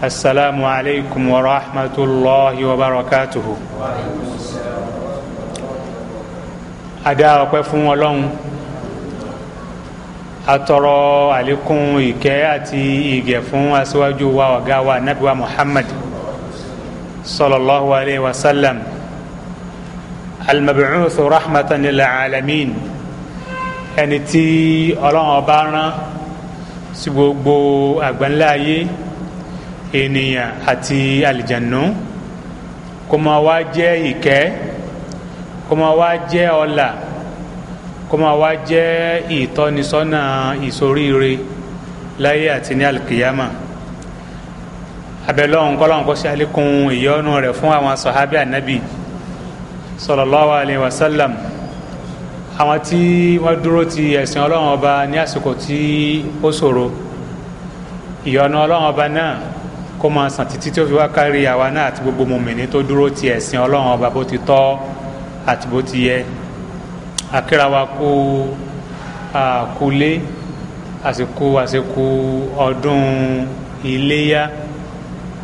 السلام عليكم ورحمة الله وبركاته adá ọpẹ́ fún Ọlọ́run atọrọ àlékún ìkẹ́ àti ìgẹ̀ fún aṣíwájú wa ọ̀gá wa Ànábì wa Muhammad sallallahu alayhi wa sallam almab'uthu rahmatan lil alamin ẹni tí Ọlọ́run ọba rán sí gbogbo àgbáńlá ayé ènìyàn àti àlìjànú kó máa wá jẹ́ ìkẹ́ kó máa wá jẹ́ ọlà kó máa wá jẹ́ ìtọ́nisọ́nà ìsoríire láyé àti ní alìkìyàmà abẹ́lọ́hún kọ́lọ́hún kó ṣe àlékún ìyọ́nú rẹ̀ fún àwọn sọ̀hábí ànábì sallallahu alayhi wa sallam àwọn tí wọ́n dúró ti ẹ̀sìn ọlọ́run ọba ní àsìkò tí ó ṣòro ìyọ́nú ọlọ́run ọba náà kó máa sàn títí tó fi wá kárí àwa náà àti gbogbo mòmìnì tó dúró ti ẹ̀sìn ọlọ́run ọba bó ti tọ́ àti bó ti yẹ akírawa kó àkúlé àsìkò àsìkò ọdún iléyá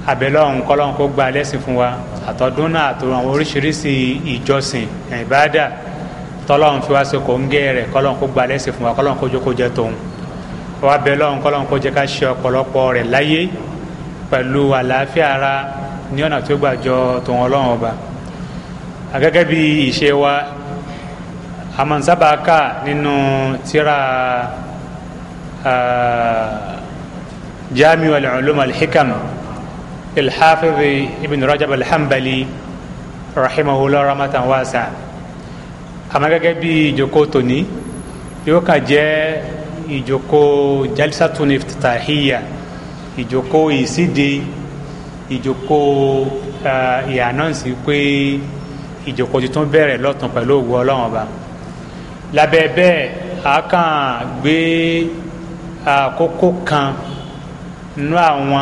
àbẹ̀lọ́run kọ́lọ́run kó gba lẹ́sìn fún wa àtọ̀dún náà àtọ̀run àwọn oríṣiríṣi ìjọsìn ìbáàdà tọ́lọ́run fi wá sí kò rẹ̀ kọ́lọ́run kó gba lẹ́sìn fún wa kọ́lọ́run kó jókòó jẹ́ tòun wàá bẹ̀lọ́run kọ́lọ́run kó jẹ́ ká ṣe ọ̀pọ̀lọpọ̀ rẹ̀ láyé pẹ̀lú àlàáfíà ara ní ọ̀nà tí ó gbà jọ tòun ọlọ́run ọba agẹ́gẹ́ bí ìṣe wa amansábàákà nínú tíra jamiu al-ulum al-hikam al-hafiz ibn rajab al-hanbali rahimahullah rahmatan wasa àmọ́ gẹ́gẹ́ bí ìjókòó tòní yóò kàn jẹ́ ìjókòó jalisatun iftitahiya ìjòkó ìsíde ìjòkó ìhànánsì pé ìjòkó tuntun bẹ̀rẹ̀ lọ́tún pẹ̀lú òwú ọlọ́run ọba lábẹ́ bẹ́ẹ̀ a kàn gbé àkókò kan nínú àwọn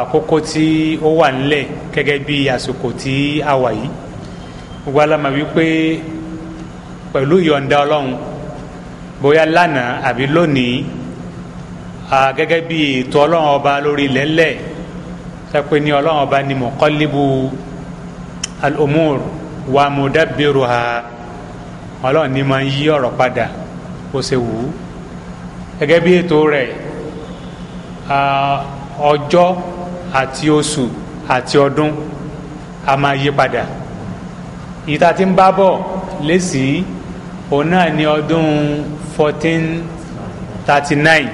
àkókò tí ó wà nílẹ̀ gẹ́gẹ́ bí àsìkò tí a wà yìí gbogbo aláma wípé pẹ̀lú ìyọ̀ǹda ọlọ́run bóyá lánàá àbí lónìí gẹ́gẹ́ bí ètò ọlọ́run ọba lórí lẹ́lẹ̀ sẹ́pẹ́ ní ọlọ́run ọba ni mọ̀kọ́líbu al-umur wa mudabbiru ha ọlọ́run ni máa ń yí ọ̀rọ̀ padà ó ṣe wù ú gẹ́gẹ́ bí ètò rẹ̀ ọjọ́ àti oṣù àti ọdún a máa yí padà ìta tí ń bá bọ̀ lẹ́sìn òun náà ni ọdún fourteen thirty nine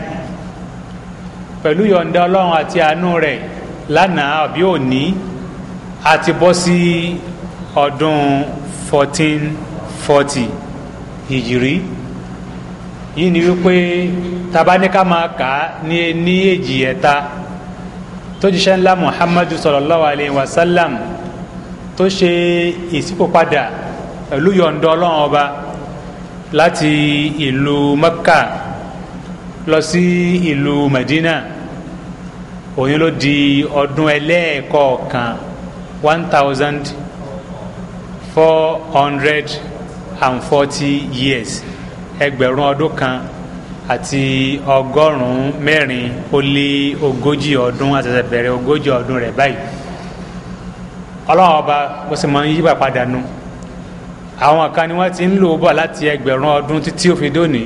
pẹ̀lú yọ̀ǹda ọlọ́run àti àánú rẹ̀ lánàá àbí òní àti bọ́ sí ọdún 1440 hìjìrí yìí ni wípé tabaníká máa kà á ní ní èjì ẹ̀ta tó jíṣẹ́ ńlá muhammadu sallallahu alayhi wa sallam tó ṣe ìṣípòpadà pẹ̀lú yọ̀ǹda ọlọ́run ọba láti ìlú mẹ́kà lọ sí ìlú Medina òyìn ló di ọdún ẹlẹ́ẹ̀kọ̀ọ̀kan one thousand four hundred and forty years ẹgbẹ̀rún ọdún kan àti ọgọ́rùn-ún mẹ́rin ó lé ogójì ọdún àtẹ̀tẹ̀ bẹ̀rẹ̀ ogójì ọdún rẹ̀ báyìí ọlọ́run ọba bó sì máa ń yípa padà nu àwọn kan ni wọ́n ti ń lò bọ̀ láti ẹgbẹ̀rún ọdún títí ó dóni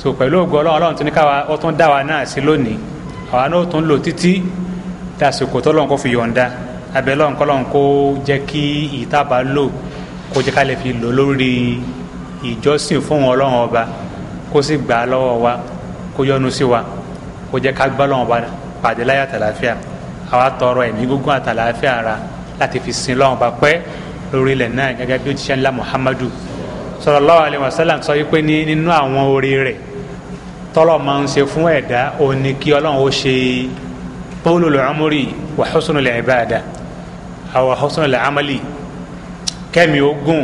so pẹ̀lú ògo ọlọ́run ọlọ́run tún ní káwa ó tún dá wa náà sí lónìí àwa náà ó tún lò títí dàsìkò tọ́lọ́run kó fi yọ̀ǹda abẹ́lọ́run kọ́lọ́run kó jẹ́ kí ìtaba lò kó jẹ́ ká lè fi lò lórí ìjọsìn fún ọlọ́run ọba kó sì gbà á lọ́wọ́ wa kó yọ́nú sí wa kó jẹ́ ká gbọ́ ọlọ́run ọba pàdé láyà tàlàáfíà àwa tọrọ ẹ̀mí gígùn àtàlàáfíà ara láti fi sin ọlọ́run ọba pẹ́ lórí ilẹ̀ náà gẹ́gẹ́ bí ó ti ṣe ńlá Muhammadu sallallahu alaihi wasallam sọ wípé nínú àwọn oore rẹ̀ tọ́lọ̀ máa ń ṣe fún ẹ̀dá òun ni kí ọlọ́run ó ṣe bawlul umri wa husnul ibada àwa husnul amali kẹ́mi ogún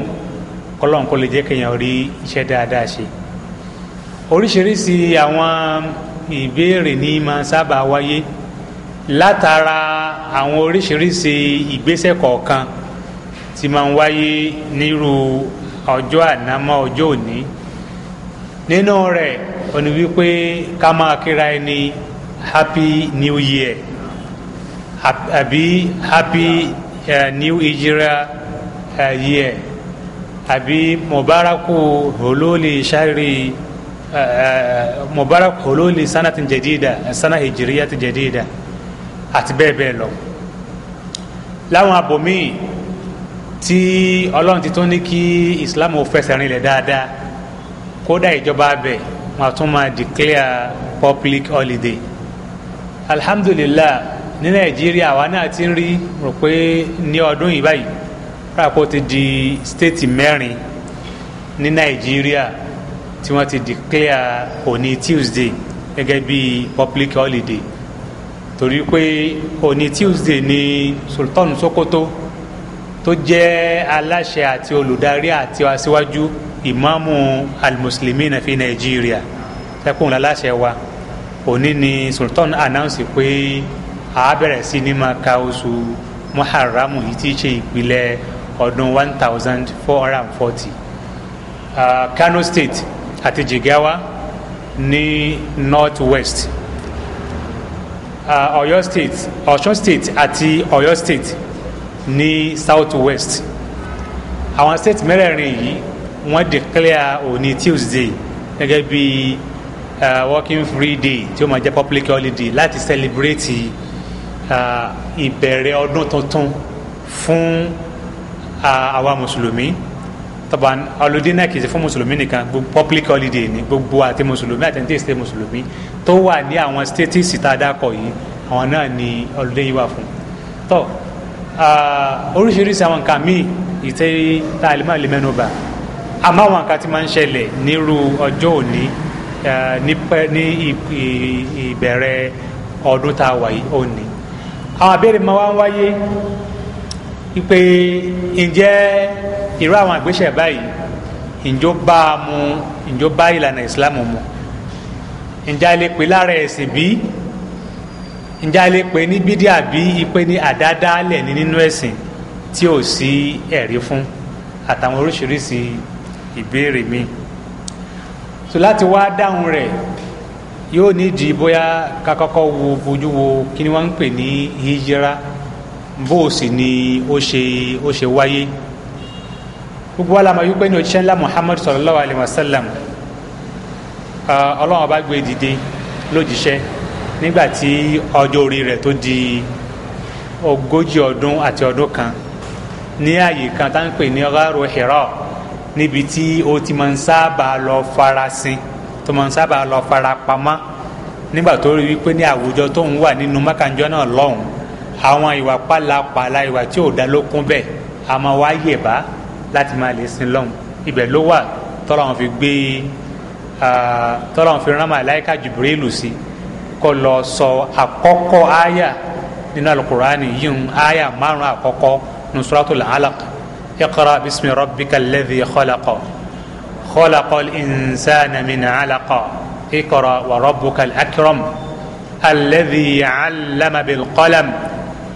kọ́lọ́n kó lè jẹ́ kéèyàn rí iṣẹ́ dáadáa ṣe oríṣiríṣi àwọn ìbéèrè ní máa sábà wáyé látara àwọn oríṣiríṣi ìgbésẹ̀ kọ̀ọ̀kan tí máa ń wáyé nírú ọjọ́ ànámọ́ ọjọ́ òní nínú rẹ̀ òní wípé ká máa kíra ẹni happy new year àbí happy uh, new hijra uh, year àbí mubaraku hololi shari uh, mubarak hululi sanatin jadida sana hijiriyati jadida àti bẹ́ẹ̀ bẹ́ẹ̀ lọ láwọn abòmíì tí ọlọ́run ti tún ní ki islam ò fẹsẹ̀ rinlẹ̀ dáadáa kódà ìjọba abẹ́ẹ̀ wọn tún máa declare public holiday alhamdulillah ní nàìjíríà àwa náà ti ń rí rò pé ní ọdún yìí báyìí rápò ti di stéètì mẹ́rin ní nàìjíríà tí wọ́n ti declare òní tuesday gẹ́gẹ́ bí public holiday torí pé òní tuesday ni sultan sokoto tó jẹ́ aláṣẹ àti olùdarí àti aṣíwájú. Si ìmáàmù almuslimina fi Nigeria, ẹkùn lálàṣẹ wa òní ni sultan announce pé a bẹ̀rẹ̀ sí ní máa ka oṣù muharramu yìí ti ṣe ìpìlẹ̀ ọdún one thousand four hundred and forty kano state àti jigawa ní north west ọ̀yọ́ uh, state ọ̀ṣun state àti ọ̀yọ́ state ní south west àwọn state mẹ́rẹ̀ẹ̀rin yìí wọ́n declare òní tuesday gẹ́gẹ́ bí uh, working free day tí ó máa jẹ́ public holiday láti celebrate uh, ìbẹ̀rẹ̀ ọdún tuntun fún uh, àwa mùsùlùmí tọba holiday náà kìí ṣe fún mùsùlùmí nìkan gbogbo public holiday ni gbogbo àti mùsùlùmí àti ẹni tí èsì mùsùlùmí tó wà ní àwọn status tá a dákọ̀ yìí àwọn náà ni holiday yìí wà fún tọ́ uh, oríṣiríṣi àwọn nǹkan míì ìtẹ́ tá a lè má lè mẹ́nu bà àmọ́ àwọn nǹkan tí máa ń ṣẹlẹ̀ nírú ọjọ́ òní ní ìbẹ̀rẹ̀ ọdún tá a wà yìí òní àwọn àbẹ̀rẹ̀ máa wá ń wáyé pé ǹjẹ́ irú àwọn àgbéṣẹ̀ báyìí ǹjọ́ bá a mu ǹjọ́ bá ìlànà ìsìlámù mu ǹjẹ́ a lè pè lára ẹ̀sìn bí ǹjẹ́ a lè ní bídíà bí ipe ní àdádálẹ̀ ní nínú ẹ̀sìn tí ò sí ẹ̀rí fún àtàwọn oríṣiríṣi ìbéèrè mi so láti wá dáhùn rẹ̀ yóò nídìí bóyá kakọ́kọ́ wo fojú wo kí ni wọ́n ń pè ní hijira bó o sì ni ó ṣe ó ṣe wáyé gbogbo wa la mọ̀ wípé ní òṣìṣẹ́ ńlá Muhammad sallallahu alayhi wa sallam ọlọ́run ọba gbé dìde lójíṣẹ́ nígbà tí ọjọ́ orí rẹ̀ tó di ogójì ọdún àti ọdún kan ní ààyè kan tá ń pè ní ọgọ́rùn-ún níbi tí o ti máa ń sábà lọ farasin tó máa ń sábà lọ farapamọ́ nígbà tó rí wípé ní àwùjọ tó ń wà nínú mọ́kànjọ́ náà lọ́hùn àwọn ìwà pálapàla ìwà tí ò dá lókun bẹ́ẹ̀ a máa wá yèbá láti máa lè sin lọ́hùn ibẹ̀ ló wà tọ́lọ́run fi gbé tọ́lọ́run fi rán màláìka Jibrilu sí kó lọ sọ àkọ́kọ́ àyà nínú alukurani yìí ń àyà márùn-ún àkọ́kọ́ nusratul alaq اقرأ باسم ربك الذي خلق خلق الإنسان من علق اقرأ وربك الأكرم الذي علم بالقلم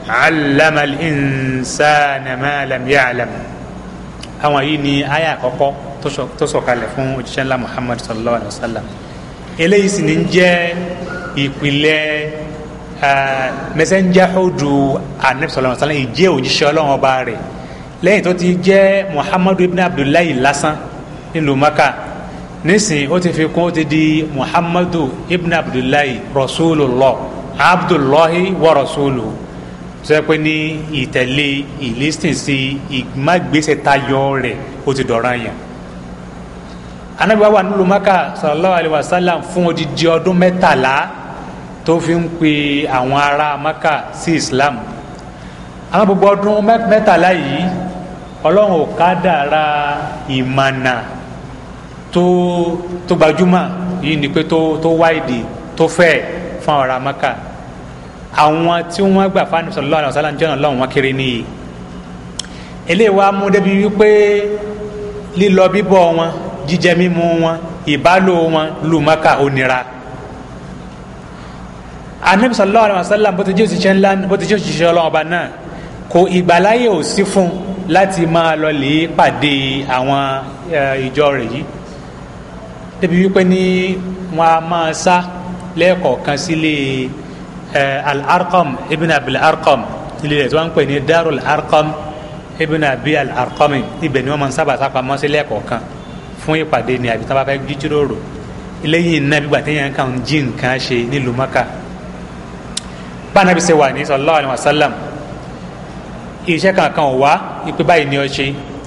علم الإنسان ما لم يعلم àwọn yìí ni aya àkọ́kọ́ tó sọ̀kalẹ̀ fún òjíṣẹ́ ńlá Muhammad sallallahu alayhi wa sallam eléyìí sì ní jẹ́ ìpìlẹ̀ eh, mẹsẹ̀njáhódù anabi sallallahu alayhi wa sallam ìjẹ́ òjíṣẹ́ ọlọ́run ọba rẹ̀ lẹ́yìn tó ti jẹ́ muhammadu ibn abdullahi lásán nílùú maka nísìnyí ó ti fi kún ó ti di muhammadu ibn abdullahi rasulullah abdullahi wa rasulu tó yẹ pé ní ìtẹ̀lé ìlísìn sí ìmágbèsè tayọ rẹ̀ ó ti dọ̀ràn yẹn anabi wa nílùú maka sallallahu alayhi wa sallam fún odidi ọdún mẹ́tàlá tó fi ń pe àwọn ará maka sí islam àwọn gbogbo ọdún mẹ́tàlá yìí ọlọ́run ò ká dára ìmànà tó tó gbajúmọ̀ yìí ni pé tó tó wáìdì tó fẹ̀ fún ọ̀rọ̀ amaka àwọn tí wọ́n gbà fáwọn sallallahu alaihi wasallam jọ́nà lọ́wọ́ wọn kiri nìyí eléyìí wá mú débi wípé lílọ bíbọ̀ wọn jíjẹ mímu wọn ìbálò wọn lùmọ́kà onira anabi sallallahu alaihi wasallam bó ti jẹ́ òṣìṣẹ́ ńlá bó ti jẹ́ òṣìṣẹ́ ọlọ́wọ́ba náà kò ìgbàláyè ò sí fún un láti máa lọ lè pàdé àwọn ìjọ rẹ̀ yìí débi wípé ní wọn a máa sá lẹ́ẹ̀kọ̀ọ̀kan sílé al-arqam ibn abil arqam ilé rẹ̀ tí wọ́n ń pè ní darul arqam ibn abi al-arqam ibẹ̀ ni wọ́n máa ń sábà sápamọ́ sí lẹ́ẹ̀kọ̀ọ̀kan fún ìpàdé ni àbí tí wọ́n bá fẹ́ jíjíròrò eléyìí nàbí gbàtẹ́yìn kan jí nǹkan ṣe nílùú maka bá nàbí ṣe wà ní sallallahu alaihi wasallam iṣẹ́ kankan ò wá ipe báyìí ni ọ ṣe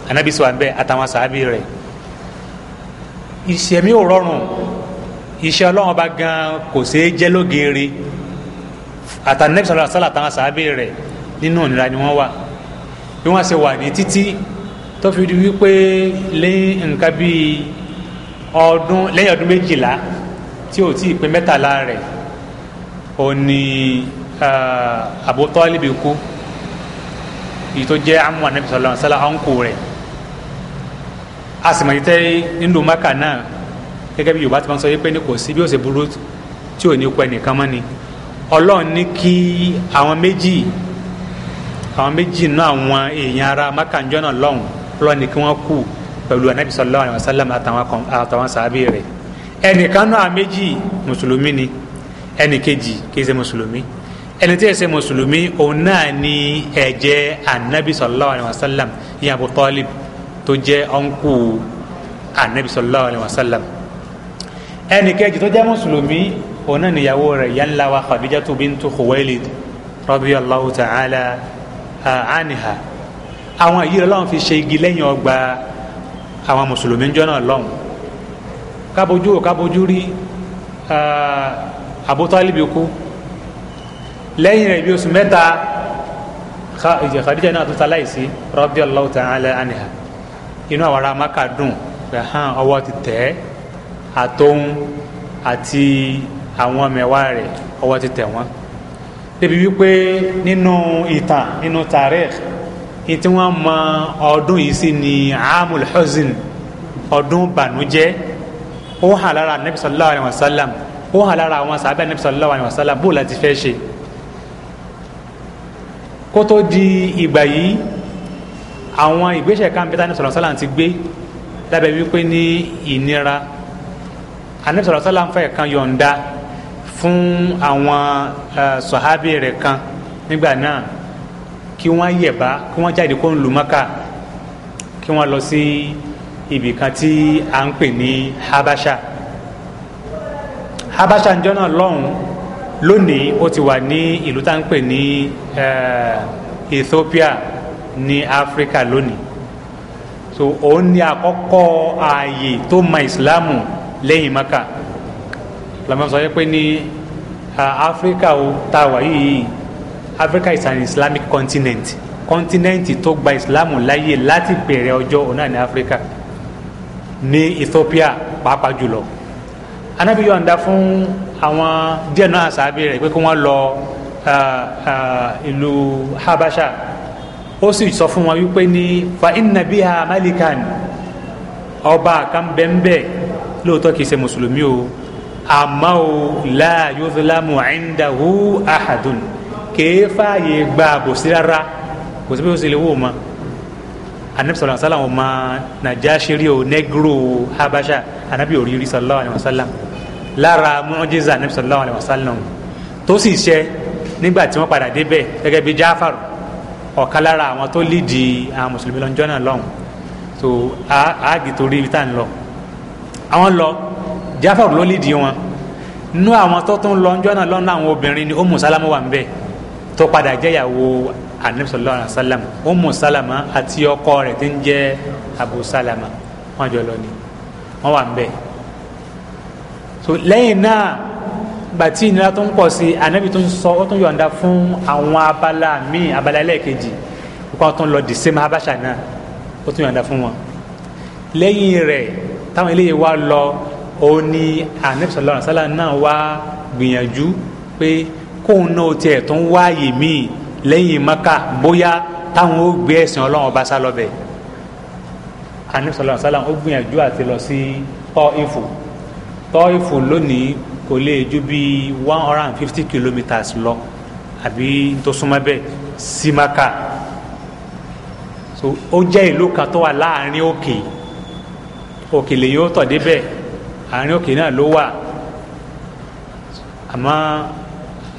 anabi sọ àbẹ àtàwọn sàábì rẹ̀ ìṣẹ̀mí ò rọrùn iṣẹ́ ọlọ́run bá gan kò ṣeé jẹ́ lógeere àtànẹ́bí sọlá sọlá àtàwọn sàábì rẹ̀ nínú ìnira ni wọ́n wà bí wọ́n ṣe wà ní títí tó fi di wípé lẹ́yìn nǹkan bíi ọdún lẹ́yìn ọdún méjìlá tí ò tí ì pé mẹ́tàlá rẹ̀ ò ní ah, Abu Talib kú èyí tó jẹ́ amú anabi sallallahu alaihi wasallam ọ̀nkù rẹ̀ a sì mọ̀ tẹ́ nílùú maka náà gẹ́gẹ́ bí yorùbá ti máa sọ yìí pé ní kò sí bí ó ṣe burú tí ò ní kọ ẹnìkan mọ́ ni ọlọ́run ní kí àwọn méjì àwọn méjì náà àwọn èèyàn ara maka ń jọ́nà lọ́hùn ọlọ́run ní kí wọ́n kú pẹ̀lú anabi sallallahu alaihi wasallam àtàwọn sàábì rẹ̀ ẹnìkan náà méjì mùsùlùmí ni ẹnìkejì kì í ṣe mùsùlùmí ẹni tí ẹsẹ mùsùlùmí òun náà ni ẹ̀jẹ̀ anabi sallallahu alayhi wa sallam ìyẹn Abu Talib tó jẹ́ ọ̀nkù anabi sallallahu alayhi wa sallam ẹni kejì tó jẹ́ mùsùlùmí òun náà nìyàwó rẹ̀ ìyá ńlá wa Khadijatu bintu Khuwailid radiyallahu ta'ala anha àwọn èyí rẹ̀ fi ṣe igi lẹ́yìn ọgbà àwọn mùsùlùmí jọ náà kábojú kábojú rí Abu Talib kú lẹ́yìn rẹ̀ bí oṣù mẹ́ta Khadija náà tó ṣaláìsí radiyallahu ta'ala anha inú àwọn ará maka dùn pé hàn ọwọ́ ti tẹ̀ ẹ́ àtòun àti àwọn mẹ́wàá rẹ̀ ọwọ́ ti tẹ̀ wọ́n débi wípé nínú ìtàn nínú tarikh ní tí wọ́n mọ ọdún yìí sí ni amul huzn ọdún bànújẹ́ ó hàn lára nabi sallallahu alayhi wa sallam ó hàn lára àwọn sàbẹ̀ nabi alayhi wa sallam bó o láti fẹ́ ṣe kó tó di ìgbà yìí àwọn ìgbésẹ̀ kan bẹ́ẹ̀ tani sọ̀rọ̀ sálà ti gbé lábẹ́ wípé ní ìnira anabi sọ̀rọ̀ sálà ń fẹ́ kan yọ̀ǹda fún àwọn sọ̀hábì rẹ̀ kan nígbà náà kí wọ́n yẹ̀bá kí wọ́n jáde kó ń lu mọ́kà kí wọ́n lọ sí ibì kan tí à ń pè ní habasha habasha ń jọ́ lọ́hùn-ún lónìí ó ti wà ní ìlú tá à pè ní eh, Ethiopia ní Africa, lónìí so òun ni àkọ́kọ́ ààyè tó ma ìsìláàmù lẹ́yìn maka lamọ́ sọ pé ní Africa eh, ó tá a wà yìí áfíríkà is an islamic continent continent tó gba ìsìláàmù láyè láti bẹ̀rẹ̀ ọjọ́ òun náà ní Africa ní ethiopia pàápàá jùlọ anabi yọ̀ǹda fún àwọn díẹ̀ náà sàábì rẹ̀ pé kí wọ́n lọ ìlú habasha ó sì sọ fún wọn wípé ní fa innabi ha malikan ọba kan bẹ́ńbẹ́ lóòótọ́ kìí ṣe mùsùlùmí o àmọ́ o la yuzlamu indahu ahadun kèé gba àbòsí rárá kò sí bí ó sì lè wò ó mọ́ anabi sallallahu alaihi wasallam ọmọ najashiri o negro habasha anabi oriri sallallahu alaihi wasallam Lara mu'jiza anabi sallallahu alaihi wasallam tó sì ṣe nígbà tí wọ́n padà débẹ̀ gẹ́gẹ́ bí jaafar ọ̀kan lára àwọn tó lídi àwọn mùsùlùmí lọ́njọ́ náà lọ́hùn tó àági torí ibi tá à ń lọ àwọn lọ jaafar ló lídi wọn nú àwọn tó tún lọ́njọ́ náà lọ́nà àwọn obìnrin ni ó mùsálámù wà ń bẹ̀ tó padà jẹ́yàwó anabi sallallahu alayhi umu salama àti ọkọ rẹ̀ tí ń jẹ́ abu salama wọ́n jọ lọ ni wọ́n wà ń so lẹ́yìn náà gbàtí ìnira tó ń pọ̀ sí anabi tó ń sọ ó tún yọ̀ǹda fún àwọn abala míì abala ẹlẹ́ẹ̀kejì kó tó ń lọ dì sẹ́mu abáṣà náà ó tún yọ̀ǹda fún wọn lẹ́yìn rẹ̀ táwọn eléyìí wá lọ òun ni anabi sallallahu wa sallam náà wá gbìyànjú pé kóun náà tiẹ̀ tó ń wáyè míì lẹ́yìn maka bóyá táwọn ó gbé ẹ̀sìn ọlọ́run ọba sá lọ́bẹ̀ anisọlọ sálàm ó gbìyànjú àti lọ sí Tọ́ìfù Tọ́ìfù lónìí kò lè ju bí one hundred and fifty kilometres lọ àbí tó súnmọ́ bẹ́ẹ̀ sí maka so ó jẹ́ ìlú kan tó wà láàrin òkè òkè lèyìn ó tọ̀ débẹ̀ àárín òkè náà ló wà àmọ́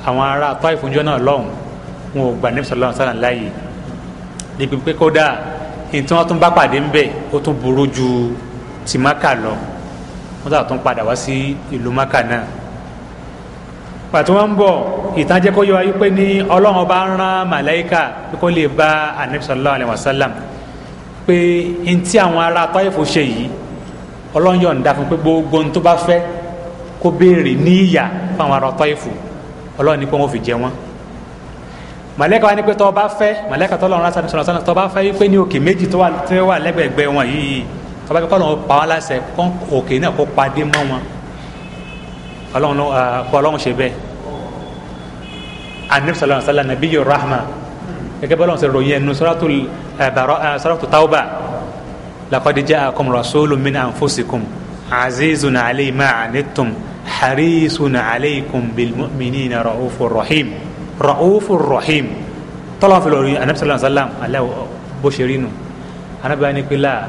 àwọn ará Tọ́ìfù jọ náà lọ́hùn wọn ò gbà nẹ́bí sọlá ọ̀sán náà láàyè níbi pé kódà ìtàn wọn tún bá pàdé ń bẹ̀ ó tún burú ju ti maka lọ wọn tà tún padà wá sí ìlú maka náà pàtó wọn ń bọ̀ ìtàn jẹ́ kó yọ ayé pé ní ọlọ́run ọba ń rán màláìka pé kó lè bá ànẹ́bí sọlá ọ̀sán náà pé ntí àwọn ará tọ́yẹ̀fọ́ ṣe yìí ọlọ́run yọ̀ǹda fún pé gbogbo ohun tó bá fẹ́ kó béèrè ní ìyà fún àwọn ará tọ́yẹ̀fọ́ ọlọ́run ní pé wọ́n fi jẹ wọ́n màlẹ́kà wa ni pé tọ́ bá fẹ́ màlẹ́kà tọ́ lọ́run lásán sọ̀rọ̀ sọ́nà tọ́ bá fẹ́ wípé ní òkè méjì tó wà lẹ́gbẹ̀ẹ́gbẹ́ wọn yìí tọ́ bá fẹ́ kọ́ lọ́run pa wọn láṣẹ kọ́ òkè náà kó padé mọ́ wọn ọlọ́run ah, kọ́ ọlọ́run ṣe bẹ́ẹ̀ anabi sallallahu alaihi wa sallam nabi yor rahma gẹ́gẹ́ bọ́lá ọ̀sẹ̀ ròyìn ẹnu sọ́ràtù eh, eh, tauba laqad ja'akum rasulun min ra'ufur rahim tọ́lọ́ fi lọ́ọ́ rí anabi sallallahu alayhi wa sallam alẹ́ bó ṣe rí nu anabi wa ni pé láà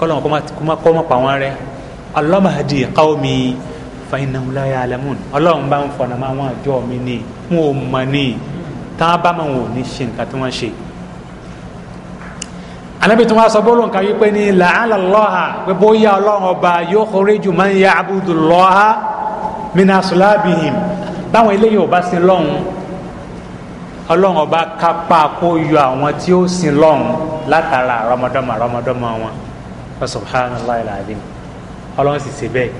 kọ́lọ́n kọ́ mọ́ pa wọ́n rẹ́ alamahadi qawmi fa innahum la ya'lamun ọlọ́run bá ń fọ̀nà máa wọn àjọ mi ni wọn ò mọ̀ ni tá a bá máa wọn ò ní ṣe nǹkan tí wọ́n ṣe anabi tí wọn sọ bọ́ọ̀lù nǹkan yìí pé ní la'ala Allaha pé bóyá ọlọ́run ọba yukhriju man ya'budu Allaha min aslabihim báwọn eléyìí ò bá sin lọ́hùn ọlọ́run ọba kápá kó yọ àwọn tí ó sin lọ́hùn látara rọmọdọ́mọ rọmọdọ́mọ wọn subhanallah alazim ọlọ́run sì ṣe bẹ́ẹ̀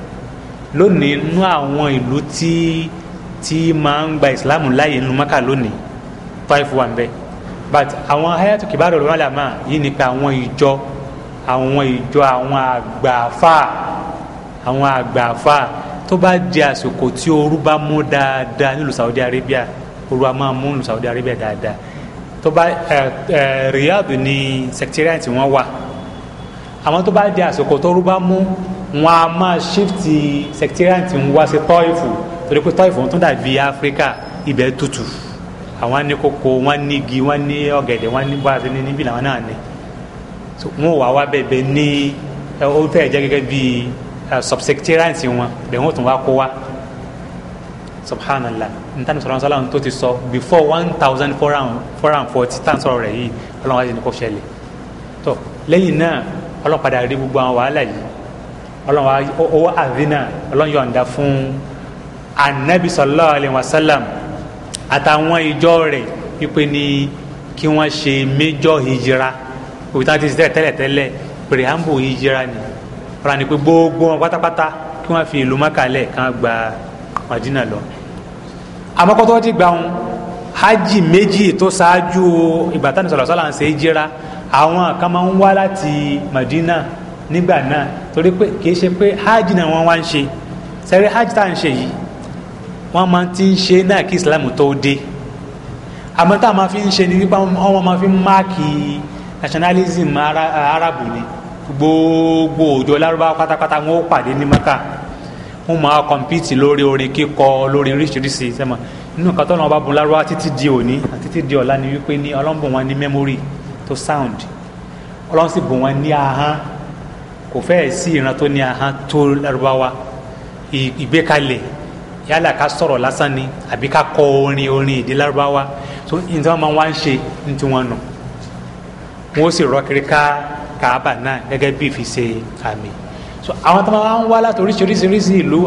lónìí nú àwọn ìlú tí tí máa ń gba ìsìláàmù láàyè nínú mọ́kà lónìí five one bẹ́ẹ̀ but àwọn hayatu kibaru olùmọ̀lámà yìí ni pé àwọn ìjọ àwọn ìjọ àwọn àgbààfà àwọn àgbààfà tó bá di àsìkò tí ooru bá mú dáadáa nílùú Saudi Arabia ooru a máa mú nílùú Saudi Arabia dáadáa tó bá Riyadh ní secretariat wọn wà àwọn tó bá di àsìkò tó ooru bá mú wọn a máa shift secretariat ń wá sí tọ́ìfù torí pé tọ́ìfù tó dàbí Áfíríkà ibẹ̀ tutù àwọn ní koko wọn ní igi wọn ní ọ̀gẹ̀dẹ̀ wọn ní bá a ti ní níbí làwọn náà ní wọn ò wá wá bẹ̀bẹ̀ ní ó fẹ́ jẹ́ gẹ́gẹ́ bíi. Ah, subsectarians wọn o tún wá kó wá subhanallah nta ni sọlọ́n sọlọ́n tó ti sọ before one thousand four and forty tan sọ̀rọ̀ rẹ̀ yìí ọlọ́run ajé ni kò ṣẹlẹ̀ tó lẹ́yìn náà ọlọ́run padà rí gbogbo àwọn wàhálà yìí ọlọ́run wa owó àdínà ọlọ́run yọ̀ǹda fún anabi sallallahu alayhi wa sallam àtàwọn ìjọ rẹ̀ wípé ni kí wọ́n ṣe méjọ́ hijira òbí tá a ti sẹ́ tẹ́lẹ̀tẹ́lẹ̀ pèrè àǹbò hijira ni fara ni pé gbogbo wọn pátápátá kí wọ́n fi ìlú mọ́kàlẹ̀ kan gba Madina lọ àmọ́ kọ́tọ́ ti gba wọn hajj méjì tó ṣáájú ìgbàtà nìsọ̀rọ̀ sọ́là ń ṣe àwọn kan máa ń wá láti Madina nígbà náà torí pé kì í ṣe pé hajj náà wọ́n wá ń ṣe sẹ́rí hajj tá à ń ṣe yìí wọ́n máa ti ń ṣe náà kí Islam tó dé àmọ́ tá a máa fi ń ṣe ni wípé wọ́n máa fi ń máàkì nationalism Arabu ni gbogbo òjò lárúbáwá pátápátá wọn ó pàdé ní maka wọn máa kọ̀mpìtì lórí orin kíkọ lórí oríṣiríṣi sẹ́mọ̀ nínú nǹkan tó lọ́wọ́ bá bu lárúbáwá títí di òní àti títí di ọ̀la ni wípé ní ọlọ́mbùn wọn ní mẹ́mórì tó sound ọlọ́run sì bùn wọn ní ahán kò fẹ́ẹ̀ sí ìran tó ní ahán tó lárúbáwá ìgbékalẹ̀ yálà ká sọ̀rọ̀ lásán ni àbí ká kọ orin orin èdè lárúbáwá so nǹkan máa wá ń ṣe ní tiwọn nù wọn ó sì rọ kiri ká kaaba náà gẹ́gẹ́ bí fi ṣe àmì so àwọn tó máa ń wá láti oríṣiríṣiríṣi ìlú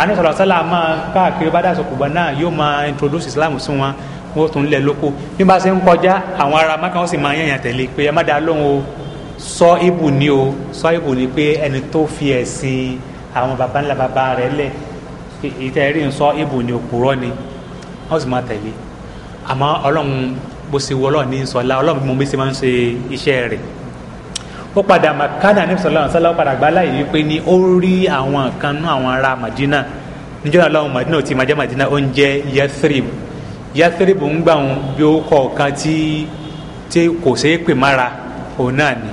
anisọ̀rọ̀ sálà máa káàkiri bá dàsọ̀ kùgbọ́n náà yóò máa introduce islam sí wọn wọn tún lẹ lóko bí wọn bá ṣe ń kọjá àwọn ará maka wọn sì máa yẹ̀yàn tẹ̀lé pé ẹ má dá lóhùn o sọ ibù ni o sọ ibù ni pé ẹni tó fi ẹ̀sìn àwọn baba ńlá baba rẹ̀ lẹ̀ ìtẹ̀rí ń sọ ibù ni òpùrọ̀ ni wọn sì máa tẹ̀lé àmọ́ ọlọ́run bó ṣe wọ ní sọlá ọlọ́run bí mo bí ṣe máa ń ṣe iṣẹ́ rẹ̀ ó padà makana ní sọlá sọlá ó padà gbá láyé wípé ní ó rí àwọn kan nú àwọn ará madina níjọba lọ́wọ́ madina ò ti máa jẹ́ madina ó ń jẹ́ yathrib yathrib ń gbà wọn bí ó kọ kan tí tí kò ṣeé pè mára òun náà ni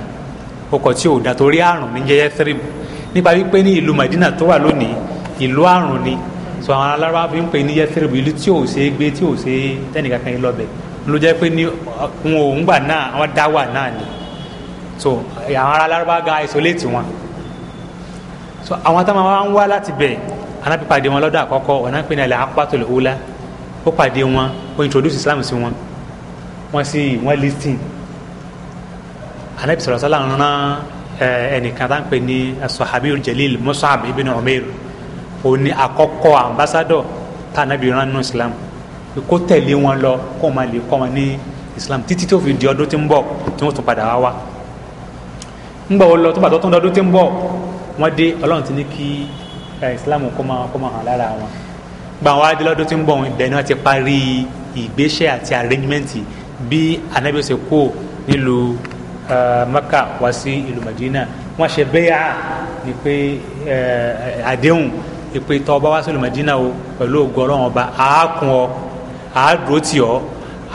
ọkọ̀ tí ò dá torí àrùn ní jẹ́ yathrib nípa wípé ní ìlú madina tó wà lónìí ìlú àrùn ni sọ àwọn alára fi ń pè ní yathrib ìlú tí ò ṣeé gbé tí ò ṣeé tẹ́nìkankan lọ́bẹ̀ ló jẹ́ pé ní wọn gbà náà wọn dá náà ni so àwọn ará lárúbá ga isolate wọn so àwọn táwọn wá ń wá láti bẹ̀ anábì pàdé wọn lọ́dọ̀ àkọ́kọ́ wọn náà ń pè ní alẹ́ apátó lè wúlá ó pàdé wọn ó introduce islam sí wọn wọn sì wọn listing anábì sọ̀rọ̀ sọ́lá ń rán ẹnìkan tá ń pè ní sahabi jalil musab ibn umair òun ni àkọ́kọ́ ambassador tá anábì rán nínú islam kó tẹ̀lé wọn lọ kó máa lè kọ́ wọn ní islam títí tó fi di ọdún tí ń bọ̀ tí wọ́n tún padà wá wá ńgbà ó lọ tó bàtọ́ tó ń dọdún tí ń bọ̀ wọ́n dé ọlọ́run ti ní kí islam eh, kó máa kó máa hàn lára wọn gbà wọn á dé lọ́dún tí ń bọ̀ ibẹ̀ náà ti parí ìgbésẹ̀ àti arrangement bí anabi ṣe kó nílùú eh, maka wá sí ìlú madina wọ́n ṣe bẹ́yà ni pé eh, àdéhùn ìpè tọ́ ọba wá sí ìlú madina o pẹ̀lú ògo ọlọ́run ọba àákùn ọ àádúró tì ọ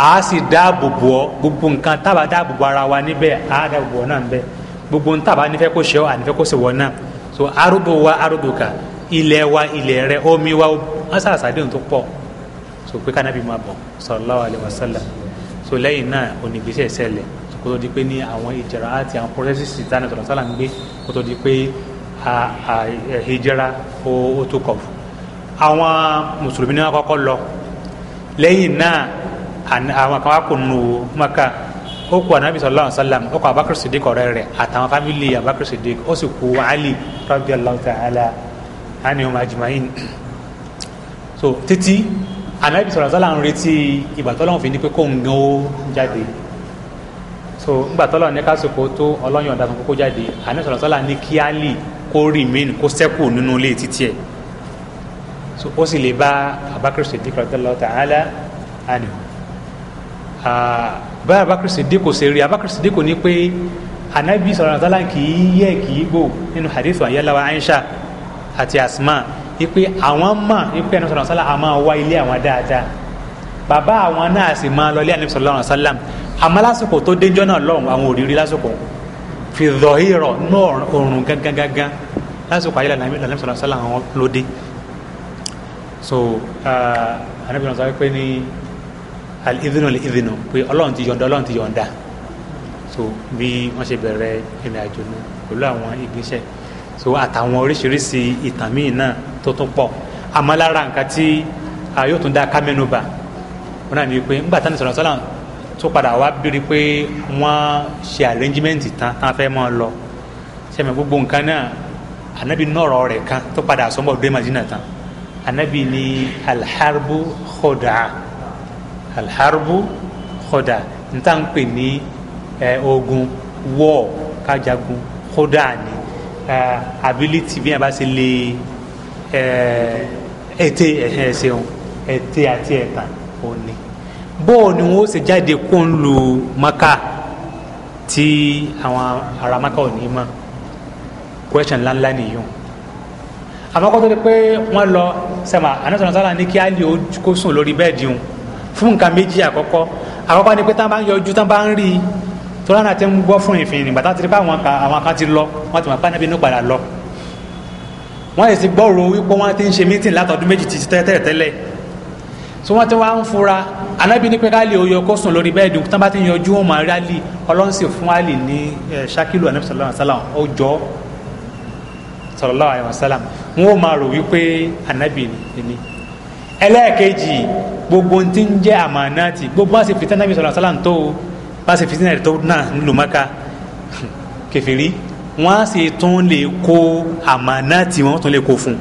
àá sì dáàbò bò ọ gbogbo nǹkan tábà dáàbò bò ara wa níbẹ̀ àá bò ọ náà níbẹ̀ gbogbo ń tàbá nífẹ̀ẹ́ kó ṣe ọ́ ànífẹ́ kó ṣe so arúgbó wa arúgbó kà ilẹ̀ wa ilẹ̀ rẹ omi wa wọ́n sàrà tó pọ̀ so pé kánábì máa bọ̀ sallallahu alaihi wasallam so lẹ́yìn náà onígbésẹ̀ ṣẹlẹ̀ kó tó di pé ní àwọn ìjẹra àti àwọn pọ́sẹ́sì tánà sọ̀rọ̀ sálà ń gbé kó tó di pé hijira ó tó kọ̀ fún àwọn mùsùlùmí ni wọ́n kọ́kọ́ lọ lẹ́yìn náà àwọn kan wá kò nù Mákà ó kú anabi sallallahu alayhi wa sallam ó kú abakar sidik ọ̀rẹ́ rẹ̀ àtàwọn fámìlì abakar sidik ó sì kú ali radiyallahu ta'ala anhum ajma'in so títí anabi sallallahu alayhi wa sallam ń retí ìgbà t'Ọlọ́run fi ní pé kó ń gan ó jáde so ńgbà t'Ọlọ́run ní kásìkò tó ọlọ́yìn ọ̀dà fún kó jáde anabi sallallahu alayhi wa sallam ní kí ali kó remain kó sẹ́kù nínú ilé títí ẹ̀ so ó sì lè bá abakar sidik radiyallahu ta'ala anhum. Ah, báyà abakiri sidiko ṣe rí abakiri sidiko ni pé anabi sọ̀rọ̀ àtàlà kì í yẹ kì í bò nínú hadith ayélujára aisha àti asma ipe àwọn mọ̀ ipe anabi sọ̀rọ̀ àtàlà àmọ́ wá ilé àwọn dáadáa bàbá àwọn náà sì máa lọ ilé anabi sọ̀rọ̀ àtàlà àmọ́ lásìkò tó déjọ́ náà lọ́rùn àwọn òrìrì lásìkò fi zọ̀hírọ̀ náà òrùn gangan lásìkò ayé lànà ìlànà ìsọ̀rọ̀ sálà àwọn lóde so anabi sọ̀rọ̀ sálà pé ní alivinu alivinu pé ọlọ́run ti yọ̀ǹda ọlọ́run ti yọ̀ǹda so bí wọ́n ṣe bẹ̀rẹ̀ ìrìn àjò náà pẹ̀lú àwọn ìgbésẹ̀ so àtàwọn oríṣiríṣi ìtàn míì náà tó tún pọ̀ àmọ́ lára nǹkan tí yóò tún dá kámẹ́nubà wọn náà ní pé ńgbà tán ní sọ̀rọ̀ sọ́lá tó padà wá bírí pé wọ́n ṣe arrangement tán tán fẹ́ mọ́ ọ lọ sẹ́mi gbogbo nǹkan náà anabi nọ̀rọ̀ rẹ̀ kan tó padà sọ́mọ́ ọdún ẹ̀ màdínà tán anabi ní alharbu khudaa alharbu kódà níta ń pè ní eh, ogun war kájagun kódà ni eh, ability bí wọn bá ṣe lè eh, ète ẹ̀hẹ́ ṣeun ète àti ẹ̀ta òní bóò ni wọn ó ṣe jáde kó ń lu maka tí àwọn ará maka ò ní mọ̀ question ńláńlá nìyí àmọ́ kó tó di pé wọ́n lọ sẹ́mà anásọ̀nà sálà ní kí á lè kó sùn lórí bẹ́ẹ̀dì òun fún nǹkan méjì àkọ́kọ́ àkọ́kọ́ ni pé tá a bá ń yọjú tá a bá ń rí i tó lára tẹ́ ń gbọ́ fún ìfìn nígbà tá a ti rí pé àwọn kan àwọn kan ti lọ wọ́n ti mọ̀ pé ànábì inú padà lọ wọ́n sì ti gbọ́rò wípé wọ́n ti ń ṣe mítìn látọdún méjì ti tẹ́lẹ̀ tẹ́lẹ̀ tí wọ́n ti wá ń fura ànábì ní pé káàlì oyè kó sùn lórí bẹ́ẹ̀dì tó bá ti yanjú wọn máa rálì ọlọ́run sì fún àlì ní eh, ṣákìlù ànábì sallallahu alaihi wasallam ọjọ́ sallallahu alaihi wasallam wọn ó máa rò wípé ẹlẹ́ẹ̀kejì gbogbo ń ti ń jẹ́ àmànàtì gbogbo bá ṣe fìtí nàbí sọ̀rọ̀ sálà tó bá ṣe fìtí nàbí tó náà nílùú maka kẹfìrí wọ́n á sì tún lè kó àmànàtì wọ́n tún lè kó fún un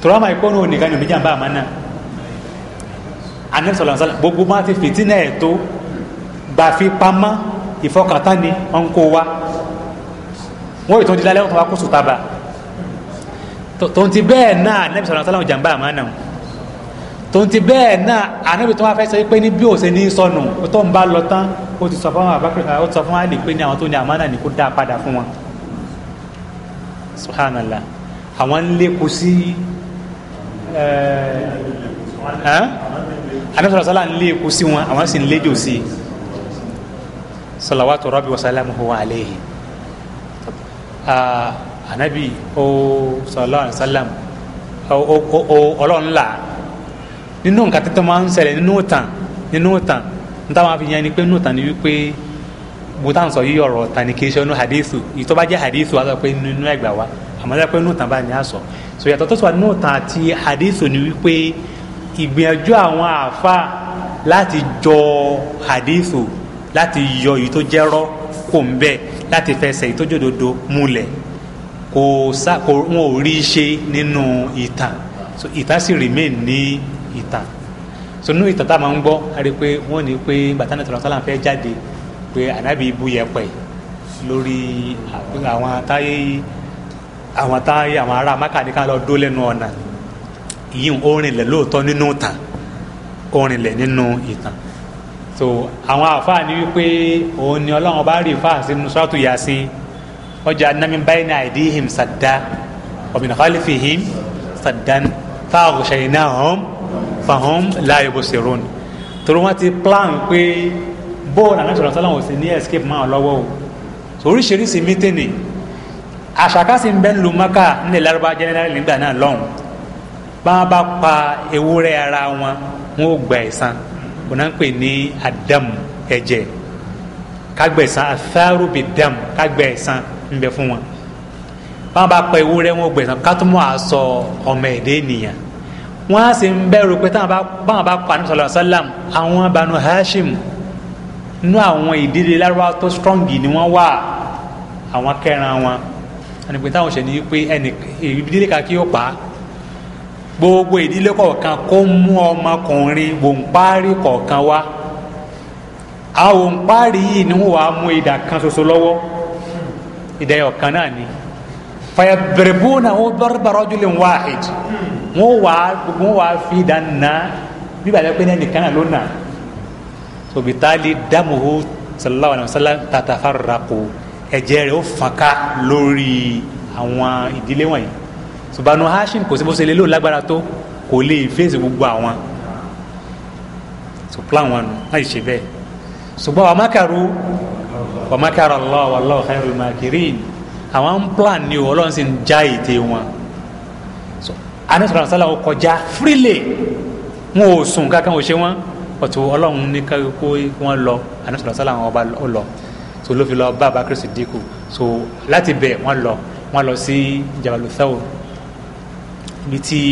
tọ́lá máa kọ́ ní onìkan ní omijàmbá àmànà sọ̀rọ̀ sálà gbogbo bá ṣe fìtí nàbí tó gbàfi pamọ́ ìfọkàntán ni ọ̀nkó wa wọ́n yìí tó di lálẹ́ wọn tó wá kó sùtàbà tòun ti bẹ́ẹ̀ náà anabi sọ̀rọ̀ àtàlà jàǹbá àmàna o tòun ti bẹ́ẹ̀ náà anabi tó wá fẹ́ sọ pé ní bí òsè ní sọnù tó ń bá lọ tán ó ti sọ fún Abubakar ó ti sọ fún Ali pé ní àwọn tó ní àmàna ni kó dáa padà fún wọn subhanallah àwọn ń lékun sí anabi sọ̀rọ̀ àtàlà ń lékun sí wọn àwọn sì ń léjò sí i salawatu rabbi wa salamuhu anabi o sallallahu alaihi wasallam o o o ọlọ́run là nínú nǹkan tẹ́tọ́ máa ń ṣẹlẹ̀ nínú ìtàn nínú ìtàn níta máa fi yan ni pé nínú ìtàn ni wípé bùtà ń sọ yí ọ̀rọ̀ ta ni kì í ṣe inú hadithu ìtọ́ bá jẹ́ hadithu wa sọ pé nínú ẹgbàá wa àmọ́ sọ pé nínú ìtàn bá ní a sọ so yàtọ̀ tó sọ nínú ìtàn àti hadithu ni wípé ìgbìyànjú àwọn àáfàá láti jọ hadithu láti yọ èyí tó jẹ́ rọ́ kò ń bẹ́ẹ̀ láti fẹsẹ̀ èyí tó jòdodo múlẹ̀ kò sá kò wọn ò rí ṣe nínú ìtàn so ìtàn sì remain ní ìtàn so nínú ìtàn tá a máa ń gbọ́ a rí i pé wọ́n ní pé bàtánà tó lọ sọ́là fẹ́ jáde pé ànábì bu yẹpẹ̀ lórí àwọn táyé àwọn táyé àwọn ará maka ní ká lọ dó lẹ́nu ọ̀nà yìí ń orinlẹ̀ lóòótọ́ nínú ìtàn orinlẹ̀ nínú ìtàn so àwọn àfáà ní wípé òun ni ọlọ́run bá rí ìfáà sínú sọ́ọ̀tù yasin وجعلنا من بين أيديهم سدا ومن خلفهم سدا فأغشيناهم فهم لا يبصرون torí wọn ti plan pé bóòlù àná ìṣòro sọlọ́wọ́ sí ní escape máa lọ́wọ́ o oríṣiríṣi mítìnì àṣàkáṣí ń bẹ́ ń lu maka nílẹ̀ lárúbá jẹ́nẹ́rẹ́ nígbà náà lọ́hùn bá wọn bá pa ewúrẹ́ ara wọn wọn ò gba ẹ̀san wọn náà ń pè ní àdàmù ẹ̀jẹ̀ kágbẹ̀san àfẹ́rùbì dàmù kágbẹ̀san ń bẹ fún wọn báwọn bá pa ewúrẹ́ wọn gbẹ̀sán ká tó mọ̀ àṣọ ọmọ ẹ̀dẹ́ ènìyàn wọn á sì ń bẹ̀rù pé báwọn bá pa àníṣe ọlọ́run sálàm àwọn banu hashim nú àwọn ìdílé lárúbáwá tó strong ni wọ́n wà àwọn kẹran wọn ànípẹ́ táwọn ṣẹ̀ ní pé ẹnì ìdílé kan kí ó pa á gbogbo ìdílé kọ̀ọ̀kan kó mú ọmọkùnrin wòǹparí kọ̀ọ̀kan wá àwọn wòǹparí yìí ni wọ́n wàá mú ìdà kan ṣoṣo lọ́wọ́ ìdẹ̀yọ̀ kan náà ni fayabiribuna wo dọriba rọjulin waahid wo waa wo waa fi dan na bí bàtà pé ní kan náà ló nà sobi taali damuhu sallallahu alayhi wa sallam tatafarako ẹ̀jẹ̀ rẹ̀ ó fànká lórí àwọn ìdílé wọ̀nyí subanu hashim kò sí bó ṣe lè lò lágbára tó kò lè fèsì gbogbo àwọn so plan wọn náà ṣe bẹ́ẹ̀ ṣùgbọ́n àmàkàrú wa makara Allah wallahu khairul makirin àwọn ń plan ni o ọlọ́run sì ń já ète wọn so anisọ̀rọ̀ sálà ó kọjá fírílẹ̀ wọn ò sùn kankan ò ṣe wọn ọ̀tún ọlọ́run ní kó wọn lọ anisọ̀rọ̀ sálà wọn ọba lọ so ló fi lọ bá abakar sidiku so láti bẹ̀ wọ́n lọ wọ́n lọ sí jabalu thawr ibi tí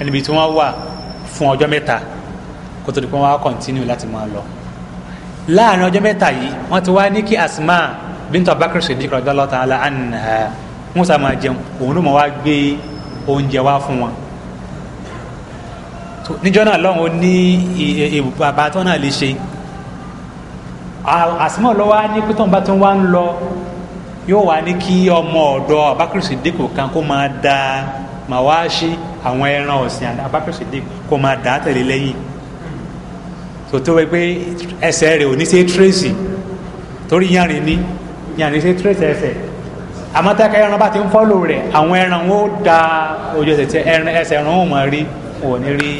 ẹnibi eh, tí wọ́n wà fún ọjọ́ mẹ́ta kótó ni pé wọ́n láti máa lọ láàrin ọjọ́ mẹ́ta yìí wọ́n ti wá ní kí asma bíntu abakar sadiq radiyallahu ta'ala anha wọ́n sá máa jẹun òun ló máa wá gbé oúnjẹ wá fún wọn. níjọ́ náà lọ́hùn ó ní bàbá tó náà lè ṣe asma lọ́wọ́ á ní pé tóun bá tó wá ń lọ yóò wá ní kí ọmọ ọ̀dọ̀ abakar sadiq kan kó máa da màwáṣí àwọn ẹran ọ̀sìn abakar sadiq kó máa dà á tẹ̀lé lẹ́yìn kò tó wẹ pé ẹsẹ̀ rẹ̀ ò ní ṣe Tracy. torí yanrìn ni yanrìn ṣe tírèsì ẹsẹ̀ àmọ́ táka ẹran bá ti ń fọ́lò rẹ̀ àwọn ẹran ó da ojú ẹsẹ̀ tí ẹran ẹsẹ̀ ẹran ó mọ̀ rí ò ní rí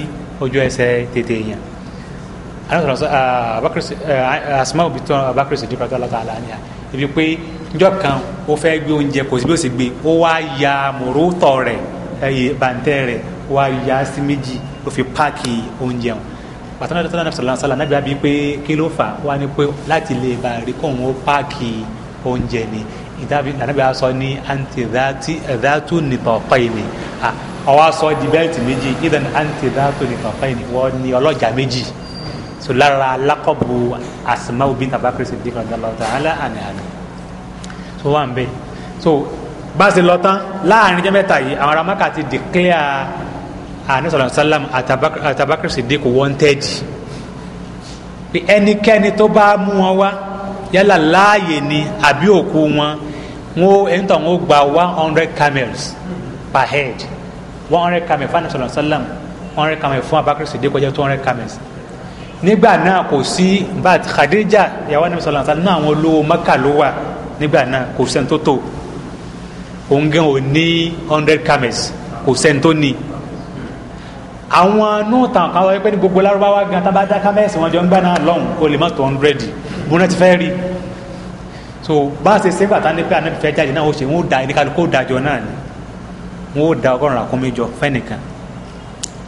ojú ẹsẹ̀ tètè yàn anasọ̀rọ̀ asumau bi tán abakiri sèdí pàtó aláta àlàáníà ibi pé njọ́ kan ó fẹ́ gbé oúnjẹ kò sí bí ó sì gbé ó wá ya mòrótọ̀ rẹ̀ bàǹtẹ̀ rẹ̀ wá ya sí méjì ó fi páàkì oúnjẹ wọn pàtàkì tó tọ́lá sọ̀rọ̀ sọ̀rọ̀ anábìá bíi pé kí ló fà wá ní pé láti lè bá rí kóun ó páàkì oúnjẹ ni ìdábí anábìá sọ ní àǹtí dátú nìtọ̀ọ̀pá yìí ni ọwọ́ sọ di bẹ́ẹ̀tì méjì ìdàn àǹtí dátú nìtọ̀ọ̀pá yìí ni wọ́n ní ọlọ́jà méjì so lára alákọ̀bù Asma'u bint Abubakr Siddiq radiyallahu ta'ala anha so wà ń bẹ́ẹ̀ so bá a ṣe lọ tán láàrin jẹ́ mẹ́ta yìí àwọn ará Mákà ti declare àní sọlọ sálàm àtàbákìrì Siddiq wanted pé ẹnikẹ́ni tó bá mú wọn wá yálà láàyè ni àbí òkú wọn wọn ẹni tó gba one hundred camels per head one hundred camels fún àní sọlọ sálàm one hundred camels fún àbákìrì Siddiq kọjá two hundred camels nígbà náà kò sí bat Khadija yàwá ní sọlọ sálàm náà àwọn olówó Mẹ́kà ló wà nígbà náà kò sẹ́ni tó ò ní hundred camels kò sẹ́ni tó àwọn nùtàn kan wọ́n pẹ́ ní gbogbo lárúbáwá gan tá bá dá kámẹ́sì wọn jọ ń gbà náà lọ́hùn kó lè má tó hundred bùnà ti fẹ́ rí so bá a ṣe ṣe bàtà ní pé ànábì fẹ́ jáde náà ó ṣe wọn ó da ẹnìkan kó dájọ náà ni wọn ó da ọgọ́rùn-ún àkómẹ́jọ fẹ́nìkan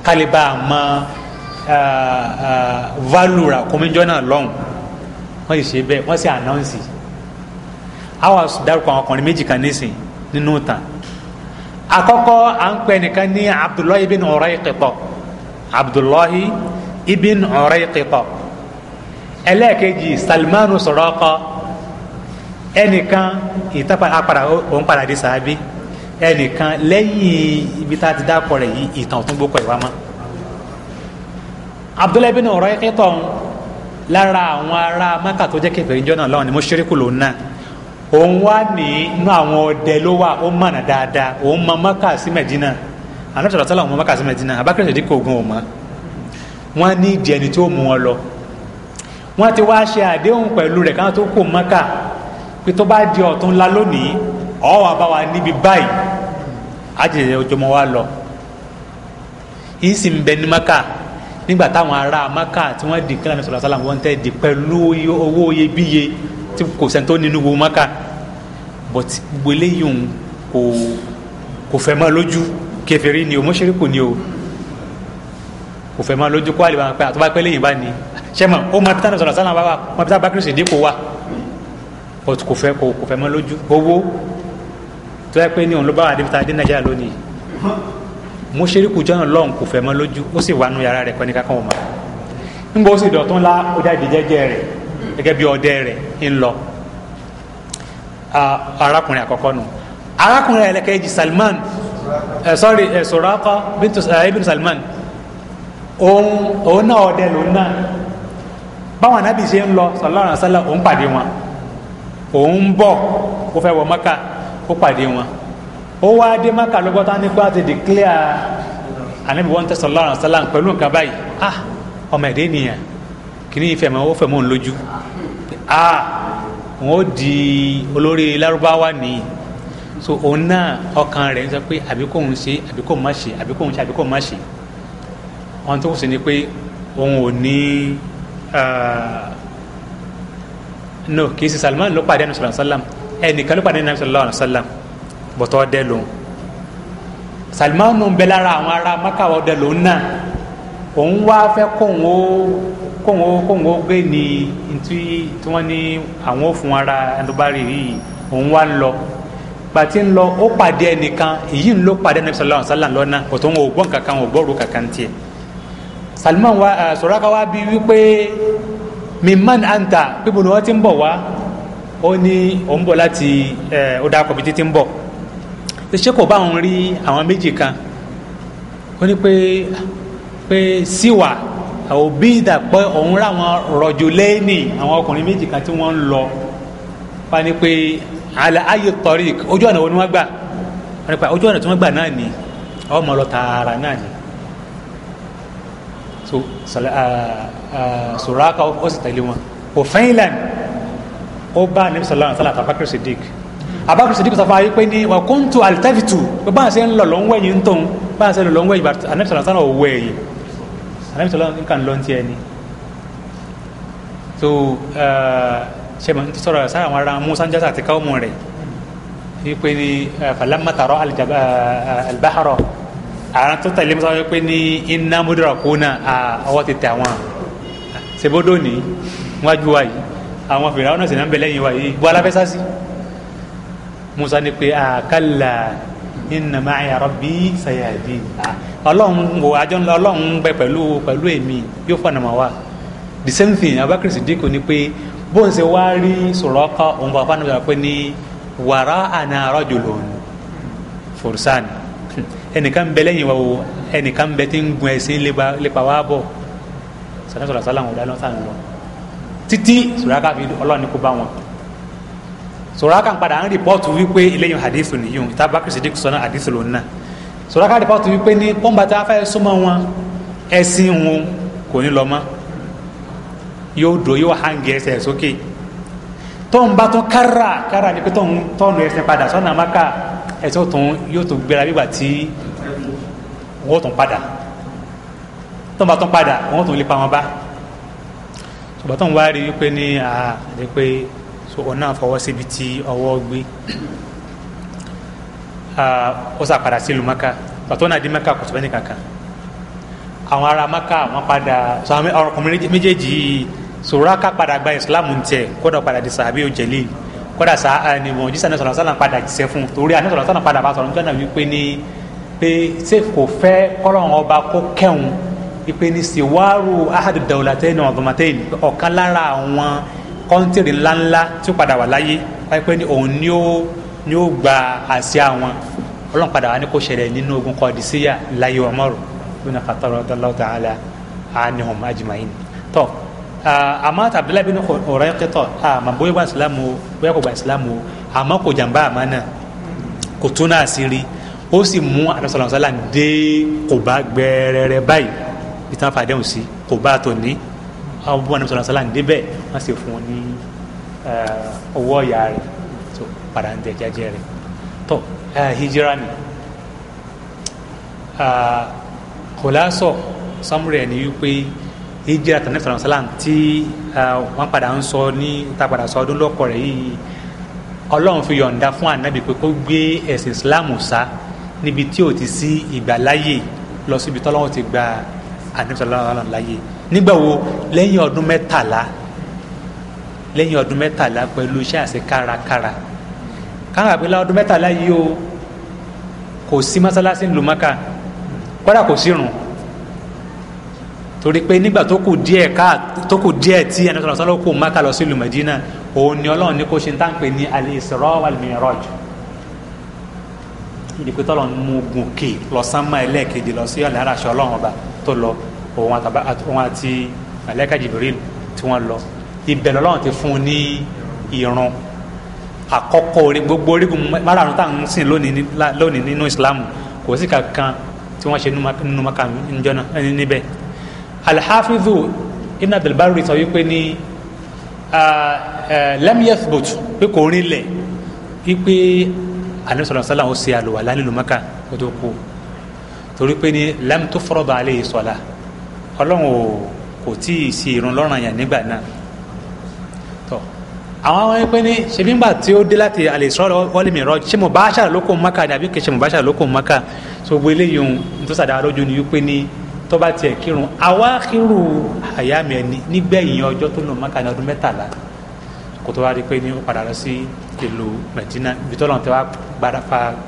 kálíbà mọ value àkómẹ́jọ náà lọ́hùn wọ́n sì ṣe bẹ́ẹ̀ wọ́n sì announce àwọn dárúkọ àwọn ọkùnrin méjì kan nísìn nínú tàn àkọ́kọ́ à ń pẹ́ nìkan ní Abdullahi bin Urayqita abdullahi ibn Urayqita ẹlẹ́ẹ̀kejì salmanu sọ̀rọ̀kọ ẹnìkan ìtàpàdà òun padà di sàábí ẹnìkan lẹ́yìn ibi tá a ti dákọ̀ rẹ̀ yìí ìtàn tó ń gbókọ̀ ìwá mọ́ abdullahi ibn Urayqita lára àwọn ará maka tó jẹ́ kẹfẹ́ ìjọ náà lọ́wọ́ ni mo ṣeré kù lòun náà òun wá ní inú àwọn ọdẹ ló wà ó mọ̀nà dáadáa òun mọ maka sí mẹ́dínà anabi sọlá sọlá wọn maka sí mẹdínà abakar ṣèdí kò gun ọmọ wọn ní ìdí tó mú wọn lọ wọn ti wá ṣe àdéhùn pẹ̀lú rẹ̀ káwọn tó kó maka pé tó bá di ọ̀tún ńlá lónìí ọ̀ wà wa níbi báyìí àjẹjẹ ojúmọ wa lọ yìí sì ń bẹ ní maka nígbà táwọn ará maka tí wọ́n di kílánì sọlá sọlá wọn tẹ́ di pẹ̀lú owó iyebíye tí kò sẹ́ni tó nínú wo maka but gbogbo eléyìí kò kò fẹ́ mọ́ lójú kèfèrí ni o mọ́ṣẹ́ríkù ni o kò fẹ́ máa lójú kó àlè máa pẹ́ àtọ́ bá pẹ́ lẹ́yìn bá ní sẹ́mọ̀ ó máa tán sọ̀rọ̀ sálà wá máa bí tábàkì sì dínkù wá kò fẹ́ kò fẹ́ máa lójú owó tó yẹ pé ní òun ló bá wà débi tá a dé nàìjíríà lónìí mọ́ṣẹ́ríkù jọ́nà lọ́hùn kò fẹ́ máa lójú ó sì wà nù yàrá rẹ̀ pẹ́ni kankan wọ̀ ńgbọ́ sì dọ̀tún lá ó jáde arákùnrin àkọ́kọ́ Salman Eh, sorry eh, Suraka, ẹ eh, ibn Salman òun òun náà ọdẹ lòun náà báwọn anábì ṣe ń lọ sallallahu alaihi wasallam òun pàdé wọn òun ń bọ̀ ó fẹ́ wọ Mẹ́kà ó pàdé wọn ó wá dé Mẹ́kà lọ́gbọ́tà nípa ti declare anabi wọn tẹ sallallahu alaihi wasallam pẹ̀lú nǹkan báyìí ah ọmọ ẹdẹ nìyẹn kìíní ìfẹ́ mọ ó fẹ́ mọ òun lójú ah wọn ó di olórí Lárúbáwá nìyí so òun náà ọkàn rẹ̀ ń sọ pé àbí kò ń ṣe àbí kò má ṣe àbí kò ń ṣe àbí kò má ṣe ohun tó kù sí ni pé òun ò ní no kì í ṣe Salman ló pàdé anamí sallam ẹnìkan ló pàdé anamí sallam bọ̀tọ̀ ọdẹ lòun Salman ń bẹ lára àwọn ará makawa ọdẹ lòun náà òun wá fẹ́ kóun ó kóun ó kóun ó gbé ní ntí tí wọ́n ní àwọn ò ara ẹnubárì yìí òun wá ń lọ gbàtí ń lọ ó pàdé ẹnìkan èyí ń lọ pàdé ẹnìkan sallallahu alaihi wasallam lọ́nà kò tó ń gbọ́n kankan ò gbọ́rù kankan tiẹ̀ Salman wa eh, soraka wa bi pe mimman anta pípọ̀ ni wọ́n ti ń bọ̀ wá ó ní òun bọ̀ láti eh, ó dá kọ̀bí títí ń bọ̀ ṣé kò bá òun rí àwọn méjì kan ó ní pé pé síwà òbí ìdàpọ̀ òun ráwọn rọ̀jò lẹ́yìn àwọn ọkùnrin méjì kan tí wọ́n ń lọ wá àlà ayé tariq ojú ọ̀nà wo ni wọ́n gbà nípa ojú ọ̀nà tí wọ́n gbà náà ni ọmọ lọ tààrà náà ni Suraka ó sì tẹ̀lé wọn kò fẹ́ńlán ó bá anabi sallallahu alaihi wasallam àtàbákẹ́ sadiq abakar sadiq sọ fún ayé pé ní wà kóńtù alitafitu pé báyìí sẹ́ ń lọ lọ́wọ́ ẹ̀yìn ń tóun báyìí sẹ́ lọ́wọ́ ẹ̀yìn bàtà anabi sallallahu alaihi wasallam ẹ̀yìn anabi sallallahu nǹkan lọ́ntì ẹni so uh, sẹ́mi ń sọ̀rọ̀ sáwọn ará musa ń jásà àti káwọn rẹ̀ ma ní falamátàrọ̀ alibaharo àwọn tó tẹ̀lé musa wípé ní iná múdúrà kóná ọwọ́ ti tẹ̀ àwọn sebodo ní wájú wa yìí àwọn fèrè àwọn náà sì náà ń bẹ lẹ́yìn wa yìí bọ́ aláfẹ́sá sí musa ní pé àkàlà inna maaya rabbi sayadi ah, ọlọ́run wo àjọ ńlá ọlọ́run bẹ pẹ̀lú pẹ̀lú èmi yóò fọ̀nà wa the same thing abakar sidiq ni pé bó ń ṣe wá rí Suraqa òun bàbá náà sọ pé ní wàrà àna rajulun fursan ẹnìkan bẹ lẹ́yìn wa o ẹnìkan bẹ tí ń gun ẹ̀sìn lépa wá bọ̀ sọ̀rọ̀ sọ̀rọ̀ àwọn ọ̀dà lọ́sàn lọ títí Suraqa fi ọlọ́ọ̀ni kó bá wọn Suraqa ń padà ń rìpọ́ọ̀tù wípé eléyìí hadith nìyí ìta Bakr Siddiq sọ́nà hadith lòun náà Suraqa rìpọ́ọ̀tù wípé ní pọ́ńbà tá a fẹ́ súnmọ́ wọn ẹ̀sìn wọn kò ní lọ mọ́ yóò dò yóò hangi ẹsẹ̀ sókè tọ́n bá tún kára kára ni pé tọ́n tọ́nu ẹsẹ̀ padà sọ́nà maka ẹsẹ̀ tún yóò tún gbéra bí gbà tí wọ́n tún padà tọ́n bá tún padà wọ́n tún lè pa wọn bá ṣùgbọ́n tọ́n wá rí wípé ní àdé pé ọ̀nà àfọwọ́ síbi tí ọwọ́ gbé ó sàpadà sí maka pàtó náà di maka kò bẹ́ẹ̀ ní kankan àwọn ará maka wọn padà sọ àwọn ọkùnrin méjèèjì yìí sòràkà padà gba ìsìlámù ntẹ kódà padà di sàbí òjèlè kódà sà eh, ni wọn jísà náà sọ̀rọ̀ sálà padà jísẹ́ fún torí àná sọ̀rọ̀ sálà padà bá sọ̀rọ̀ níjọ́ náà wípé ní pé ṣé kò fẹ́ kọ́lọ́run ọba kó kẹ́hùn wípé ní siwaru ahadu dawulatẹ́ni ọ̀dọ́mọtẹ́ni ọ̀kan lára àwọn kọ́ńtìrì ńláńlá tí ó padà wà láyé wípé ní òun ni ó ni ó gba àsíá wọn ọlọ́run padà wà ní kó ṣẹlẹ̀ nínú ogun kọ́ọ̀dì síyà láyé ọmọrùn bin Khattab radiyallahu ta'ala anhum ajma'in tọ́ àmọ́ Abdullahi bin Urayqita àmọ́ bóyá gba ìsìlámù o bóyá kò gba ìsìlámù o àmọ́ kò jàǹbá àmọ́ náà kò tún náà sí rí ó sì mú àdàsọ̀làmùsálà dé kò bá gbẹrẹrẹ báyìí bí táwọn fàdéhùn sí kò bá tó ní àwọn bó àdàsọ̀làmùsálà débẹ̀ wọ́n sì fún wọn ní owó ọ̀yà rẹ̀ tó padà ń tẹ̀ jẹ́jẹ́ rẹ̀ hijira ni kòlásọ̀ samuel ni wípé hijira tànàbí sọ̀rọ̀ sálàm tí wọ́n padà ń sọ ní ta padà sọ ọdún lọ́kọ̀ rẹ̀ yìí ọlọ́run fi yọ̀ǹda fún ànábì pé kó gbé ẹ̀sìn islam sá níbi tí ò ti sí ìgbàláyè lọ síbi tọ́lọ́run ti gba ànábì sọ̀rọ̀ sálàm láyè nígbà wo lẹ́yìn ọdún mẹ́tàlá lẹ́yìn ọdún mẹ́tàlá pẹ̀lú iṣẹ́ àṣẹ kárakára kárakára pẹ̀lú ọdún mẹ́tàlá yìí o kò sí mọ́sálásí ńlùmọ́ká kódà kò sírun torí pé nígbà tó kù díẹ̀ ká tó kù díẹ̀ tí ẹni sọ̀rọ̀ sọ́lọ́ kù Mákà lọ sí ìlú Mẹ́dínà òun ni Ọlọ́run ní kó ṣe ń tán pé ní al-Isra wal-Mi'raj ìdìpé tọ́lọ̀ ń mú gòkè lọ sánmà ẹlẹ́ẹ̀kejì lọ sí ọ̀lẹ́ aráṣọ Ọlọ́run ọba tó lọ òun àti màláíkà Jibril tí wọ́n lọ ibẹ̀ lọ́lọ́run ti fún un ní ìrun àkọ́kọ́ gbogbo orígun márààrún tá à ń sìn lónìí nínú Islam kò sí kankan tí wọ́n ṣe nínú maka níjọ́nà níbẹ̀ alhafizu ibn abdulbari sọ wípé ní lam yathbut pé kò rin lẹ̀ wípé anasọ̀rọ̀ sálà ó ṣe àlùwàlá nílùú maka kó tó kú torí pé ní lam tufrada alayhi sọ̀la ọlọ́run kò tí ì ṣe ìrun lọ́ranyàn nígbà náà àwọn àwọn ẹgbẹ́ ní ṣebí ńgbà tí ó dé láti Al-Isra wal Mi'raj ṣé mo bá ṣàrà lóko Mákà ni àbí kì í ṣe mo bá ṣàrà lóko Mákà tó gbé eléyìí ohun tó sàdáwà lójú ni wípé ní tó bá tiẹ̀ kírun awákírù àyàmì ẹni nígbẹ̀yìn ọjọ́ tó lò Mákà ní ọdún mẹ́tàlá kó tó wá rí pé ní ó padà lọ sí ìlú Mẹ̀dínà ibi tó wá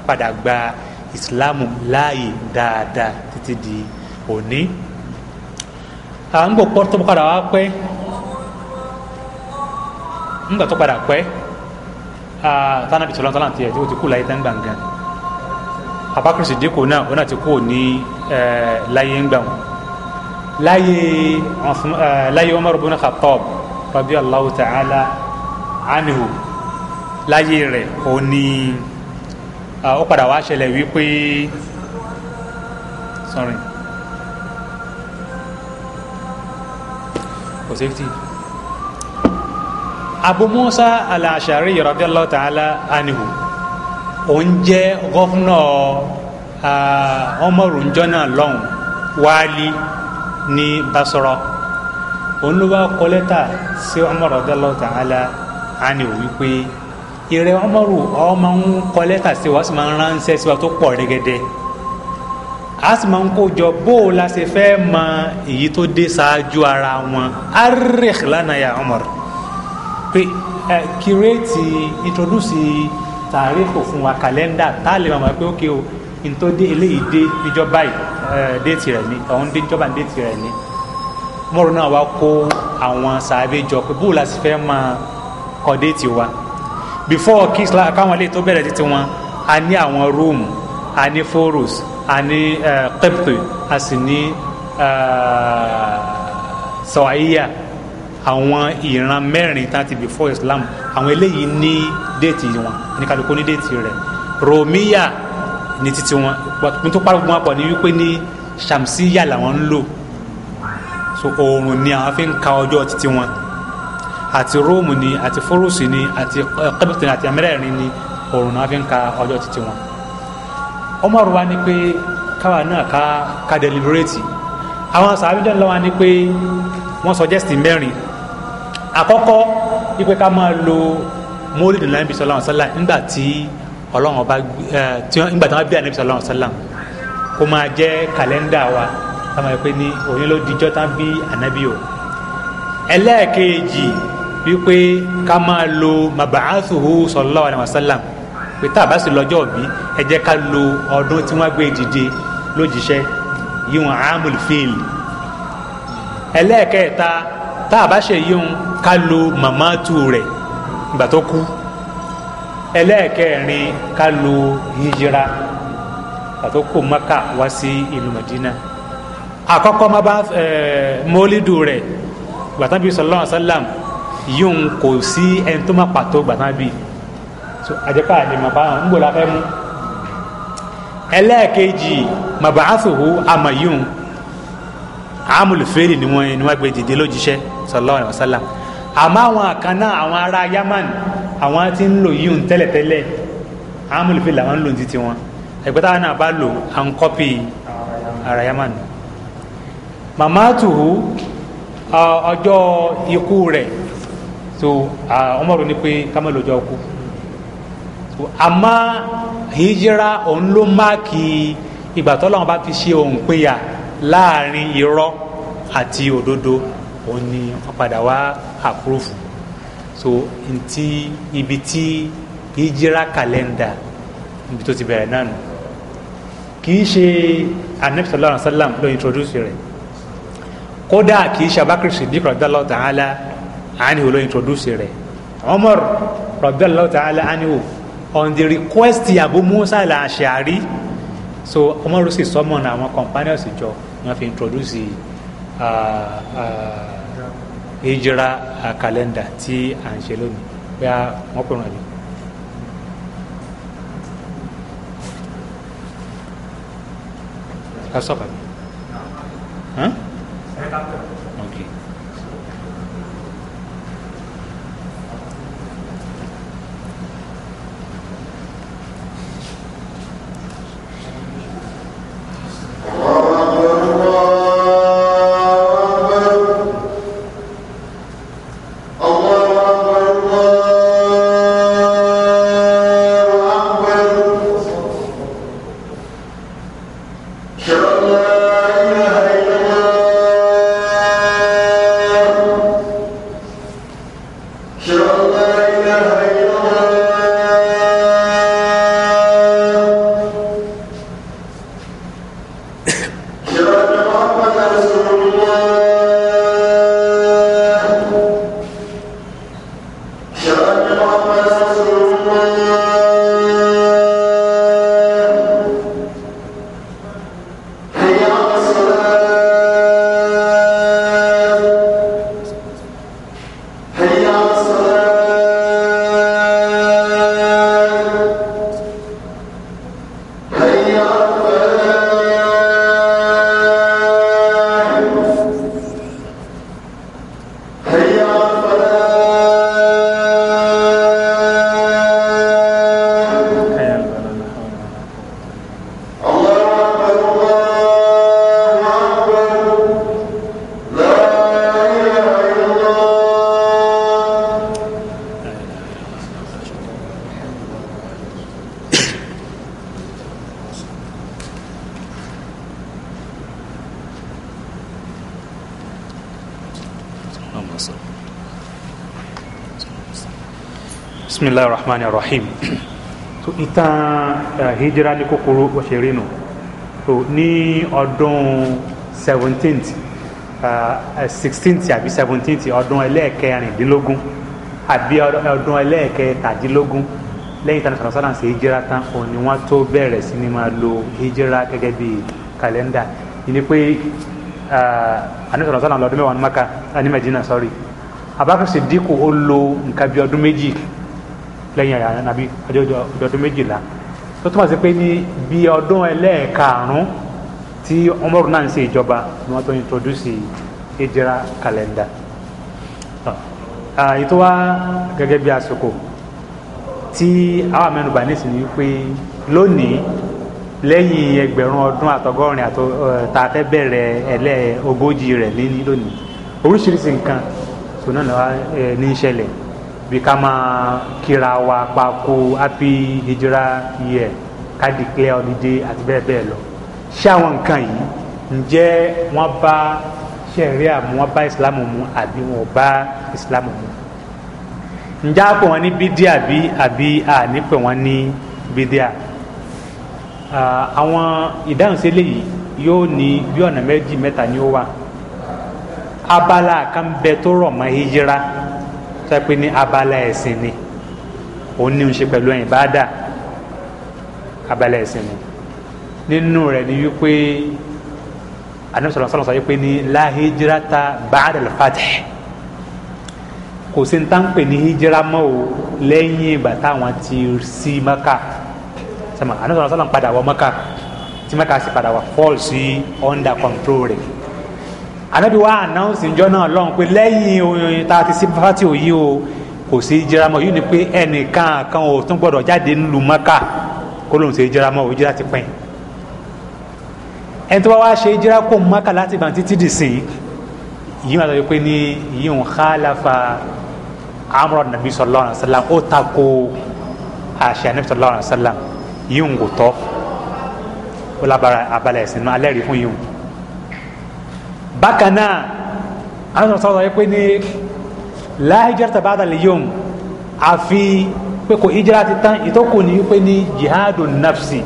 padà gba ìsìláàmù láàyè dáadáa títí di òní à ń pọ́tọ́ ńgbà tó padà pẹ́ tánàbì tó lọ́ntàn láti ẹ̀ tí ó ti kú láyé tán gbàngàn papa kristu dínkù náà ó náà ti kú ní láyé ń gbàwọn láyé láyé Umar ibn Khattab radiyallahu ta'ala anhu láyé rẹ̀ ó ní ó padà wá ṣẹlẹ̀ wípé sorry for safety abu musa al-ashari radiyallahu ta'ala anhu òun jẹ́ gọ́fúnà ọmọrùn jọ́nà lọ́hùn wáálí ní basra òun ló wá kọ lẹ́tà sí Umar radiyallahu ta'ala anhu wípé ìrẹ Umaru ọmọ ń kọ lẹ́tà sí wa sì máa ń ránṣẹ́ sí wa tó pọ̀ rẹ́gẹ́dẹ́ a sì máa ń kójọ bó o la ṣe fẹ́ mọ èyí tó dé ṣáájú ara wọn arìkìlánà ya Umar pé ẹ kírètì introduce tàríkò fún wa kàlẹ́ndà tá a lè máa pé ókè o nítorí dé eléyìí dé níjọ́ báyìí déètì rẹ̀ ni ọ̀hún dé níjọba déètì rẹ̀ ni mọ́rún náà wá kó àwọn sàábé jọ pé bóòlù àti fẹ́ máa kọ déètì wa before kí káwọn ilé tó bẹ̀rẹ̀ títí wọn a ní àwọn rúùmù a ní foros a ní kẹ́pìtì a sì ní sọ̀wáyíyà. Uh, àwọn ìran mẹ́rin tá ti before Islam àwọn eléyìí ní déètì wọn ní kálukú ní déètì rẹ̀ romiya ní títí wọn pín tó pariwo wọn pọ̀ ní wípé ní shamsiya làwọn ń lò so oòrùn ni àwọn fi ń ka ọjọ́ títí wọn àti róòmù ni àti fúrúùsì ni àti eh, kẹ́bìtì ni àti amẹ́rẹ́rin ni oòrùn náà fi ń ka ọjọ́ títí wọn Umar wa ni pé káwa náà ká ká deliberate àwọn sàbíjọ́ ńlá wa ni pé wọ́n suggest mẹ́rin àkọ́kọ́ ipe ká máa lo mórìdì lẹ́nbi sọlá ọ̀sálà nígbà tí ọlọ́run ọba nígbà tí wọ́n bí ànẹ́bí sọlá ọ̀sálà kó máa jẹ́ kàlẹ́ndà wa ká máa pe ní òní ló dijọ́ tán bí ànẹ́bí o ẹlẹ́ẹ̀kejì wípé ká máa lo màbàásùhù sọlá ọ̀sálà pé tá a bá sì lọ́jọ́ bí ẹ jẹ́ ká lo ọdún tí wọ́n gbé dìde lójíṣẹ́ yíwọ̀n ámùlù fíìlì ẹlẹ́ẹ̀kẹta tá a bá ṣe yíhun ká lo màmátù rẹ̀ gbatoku tó kú ẹlẹ́ẹ̀kẹrin ká lo hijira gbatoku maka wá sí ìlú Madina àkọ́kọ́ má bá mọ́lídù rẹ̀ gbàtàbí sallallahu alaihi wasallam yíhun kò sí ẹni tó má pàtó gbàtàbí àjẹpá àdèmọ̀ bá ń gbòòlà fẹ́ mú ẹlẹ́ẹ̀kejì amúlùfẹ́lì ni wọ́n ni wọ́n gbé dìde lójíṣẹ́ sallallahu alaihi wasallam àmọ́ àwọn kan náà àwọn ará Yaman àwọn tí ń lò yíyún tẹ́lẹ̀tẹ́lẹ̀ amúlùfẹ́lì làwọn ń lò títí wọn ẹ̀gbẹ́ táwọn náà bá lò à ń kọ́pì ará Yaman. mamatuhu ọjọ́ ikú rẹ̀ so Umaru ní pé ká má lọ́jọ́ kú àmọ́ hijira òun ló máàkì ìgbà tọ́lọ́wọ́n bá fi ṣe òun péyà láàrin irọ́ àti òdodo òun ni wọ́n padà wá àpúròfù so ntí ibi tí hijira kàlẹ́ndà ibi tó ti bẹ̀rẹ̀ náà nù kìí ṣe anabi sallallahu wa sallam ló introduce rẹ̀ kódà kìí ṣe abakar siddiq radallahu ta'ala anihu ló introduce rẹ̀ umar radallahu ta'ala anihu on the request abu musa al-ashari so umar sì sọmọ náà àwọn companions jọ wọ́n fi introduce hijira calendar tí à ń ṣe lónìí bóyá wọ́n pè wọ́n lè. Kasih apa? Hah? Saya tak tahu. اللهم صل بسم الله الرحمن الرحيم so ìtàn eh, hijira ní kúkúrú bó ṣe rí nù so ní ọdún seventeenth eh, eh, sixteenth àbí seventeenth ọdún ẹlẹ́ẹ̀kẹrìndínlógún àbí ọdún ẹlẹ́ẹ̀kẹtàdínlógún lẹ́yìn tani sọ̀rọ̀ sọ́dọ̀ ṣe hijira tán òun ni wọ́n tó bẹ̀rẹ̀ sí ni máa lo hijira gẹ́gẹ́ bí kàlẹ́ndà ìní pé Uh, anabi sọlá ọdún mẹ́wàá ní maka uh, ní medina sorry abakar sidiku ó lò nǹkan bí ọdún méjì lẹ́yìn àyà nàbí ọdún méjìlá tó túmọ̀ sí pé ní bí ọdún ẹlẹ́ẹ̀karùn-ún tí Umaru náà ń ṣe ìjọba ni wọ́n tó introduce ìjìra kàlẹ́ndà ètò wa gẹ́gẹ́ bí àsìkò tí àwọn amẹnubà nísìnyí pé lónìí lẹ́yìn ẹgbẹ̀rún ọdún àtọgọ́rin àtọ tá a fẹ́ bẹ̀rẹ̀ ẹlẹ́ ogójì rẹ̀ ní lónìí oríṣiríṣi nǹkan tó náà ní í ṣẹlẹ̀ bí ká máa kíra wa pako happy hijra year ká declare holiday àti bẹ́ẹ̀ bẹ́ẹ̀ lọ ṣé àwọn nǹkan yìí ǹjẹ́ wọ́n bá ṣẹ̀ríà mu wọ́n bá ìsìlámù mu àbí wọn bá ìsìlámù mu ǹjẹ́ àpò wọn ní bídíà bí àbí ànípẹ̀ wọn ní bídíà. Ah, àwọn ìdáhùnsẹ́lẹ̀ yìí yóò ní bí ọ̀nà méjì mẹ́ta ni ó wà abala kan bẹ tó rọ̀ mọ́ hijira tó yẹ pé ní abala ẹ̀sìn ni òun ní ń ṣe pẹ̀lú ẹ̀yìn bá dà abala ẹ̀sìn ni nínú rẹ̀ ni wípé anamisọ̀rọ̀ sọ̀rọ̀ sọ wípé ní la hijirata ba'dal fath kò sí ní tá ń pè ní hijira mọ́ o lẹ́yìn ìgbà táwọn ti sí maka. Si sẹ́mọ̀ àníṣọ́ sọ́lá ń padà wọ mọ́kà tí mọ́kà sì padà wà fall sí under control rẹ̀ ànábi wa announce ìjọ náà lọ́hùn pé lẹ́yìn oyin tá a ti sí fati òyì o kò sí jiramọ́ yìí ni pé ẹnìkan kan ò tún gbọ́dọ̀ jáde ńlu mọ́kà kó lóun ṣe jiramọ́ òyì jira ti pẹ́yìn ẹni tó bá wá ṣe jira kó mọ́kà láti bàn títí dì sí yìí wọn àtọ́jú pé ní yìí ń khalafa amúrò nàbí sallallahu alaihi wasallam ó takò àṣẹ ànábì sallallahu alaihi wasallam yíyún kò tọ́ ó lábára abalẹ̀ ẹ̀sìn náà alẹ́rìí fún yíyún bákan náà àwọn sọ̀rọ̀ sọ̀rọ̀ pé ní láhìjẹ́rì tàbátà lè yíyún àfi pé kò hijira ti tán ìtọ́kù ní pé ní jihadu nafsi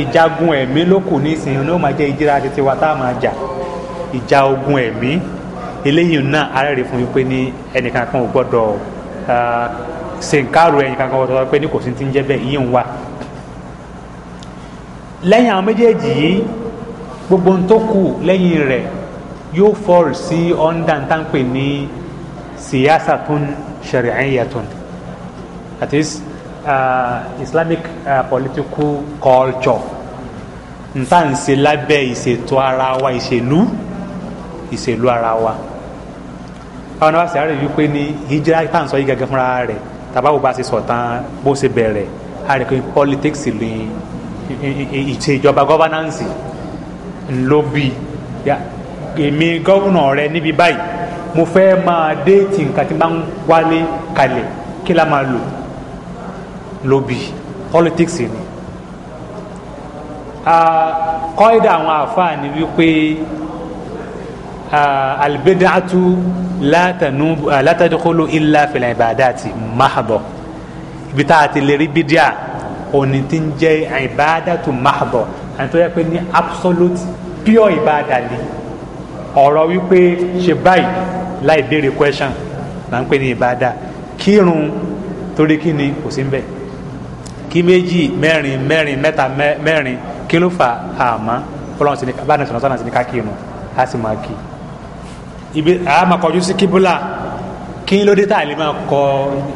ìjagun ẹ̀mí ló kù nísìnyí ní ó máa jẹ́ hijira ti tiwa tá a máa jà ìjà ogun ẹ̀mí eléyìí náà arẹ́rìí fún yín pé ní ẹnìkan kan ò gbọ́dọ̀ ṣe nkaaro ẹ̀yìn kankan wọ́n sọ pé ní kò sí ti ń jẹ́ bẹ́ẹ̀ ìyẹn ń wà lẹ́yìn àwọn méjèèjì yìí gbogbo ń tó kù lẹ́yìn rẹ̀ yóò fọ́ọ̀rù sí ọ̀ndà ń tánpẹ̀ ní siyasa tun shari'iyya tún that is uh, Islamic uh, political culture ń tà ń ṣe lábẹ́ ara wa ìṣèlú ìṣèlú ara wa àwọn ọ̀nà wa sì á rẹ̀ wípé ní hijira tá yìí gẹ́gẹ́ fúnra rẹ̀ tàbáwò bá ṣe sọ̀tàn bó ṣe bẹ̀rẹ̀ a rí pé politics lè ìṣèjọba governance ló bí èmi gọ́vùnà rẹ níbi báyìí mo fẹ́ máa déètì nǹkan tí máa ń wálé kalẹ̀ kí la máa lò ló bí politics ni kọ́ ẹ̀dá àwọn àfáà ni wípé albidatu látàdúkọ́lù ilà fìlà ìbàdàtì mahadọ ibi tá a ti lè rí bídíà òní ti ń jẹ́ ìbàdàtù mahadọ àti tó yẹ pé ní absolute pure ìbàdà ni ọ̀rọ̀ wípé ṣe báyìí láì béèrè question là ń pè ní ìbàdà kírun torí kí ni kò sí ń bẹ̀ kí méjì mẹ́rin mẹ́rin mẹ́ta mẹ́rin kí ló fà á àmọ́ ọlọ́run bá a nà sọ̀rọ̀ sọ̀rọ̀ sì kírun á sì máa kí i ibi àmà kọjú sí kíbúlà kí ló dé tá a lè máa kọ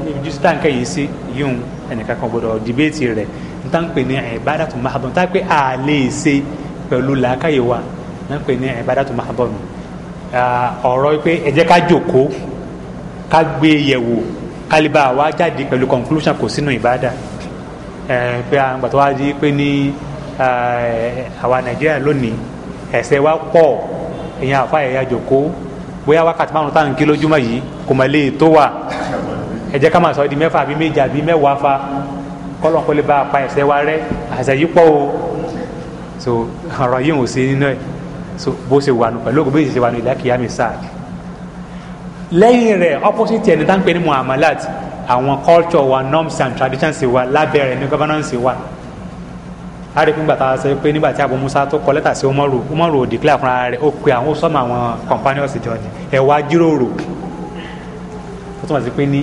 ibi sí táǹkà yìí sí yíyún ẹnìkan kan gbọdọ̀ dìbéètì rẹ̀ n tá ń pè ní ìbádàtú mahabon tá a pé a lè ṣe pẹ̀lú làákàyè wa n pè ní ìbádàtú mahabon ọ̀rọ̀ pé pe jẹ́ ká jòkóó ká gbé yẹ̀wò kálíbà wa jáde pẹ̀lú conclusion kò sínú ìbádà pé à ń gbàtọ́ wá di pé ní àwa nàìjíríà lónìí ẹ̀ṣẹ̀ wa pọ̀ èèyàn àfa ẹ̀yà jòkóó bóyá wákàtí márùn táwọn kí lójúmọ́ yìí kò mọ̀ lè tó wà ẹ ká máa sọ di mẹ́fà àbí méje àbí mẹ́wàá fa kọ́lọ́n kó lè bá a pa ẹ̀ṣẹ̀ wa rẹ́ àṣẹ yìí pọ̀ o so ọ̀rọ̀ yìí ò sí nínú ẹ̀ so bó ṣe wà nù pẹ̀lú ògùn bí ìṣe wà nù ìlà kìyàmì sáà lẹ́yìn rẹ̀ opposite ẹni tá ń pè ní muamalat àwọn culture wa norms and traditions wa lábẹ́ rẹ̀ ní governance wa a rí pé gbàtà sọ pé nígbà tí Abu Musa tó kọ lẹ́tà sí Umaru Umaru ò declare fúnra rẹ̀ ó pe àwọn sọ́mọ àwọn companions jọ ni ẹ wá jíròrò ó túmọ̀ sí pé ní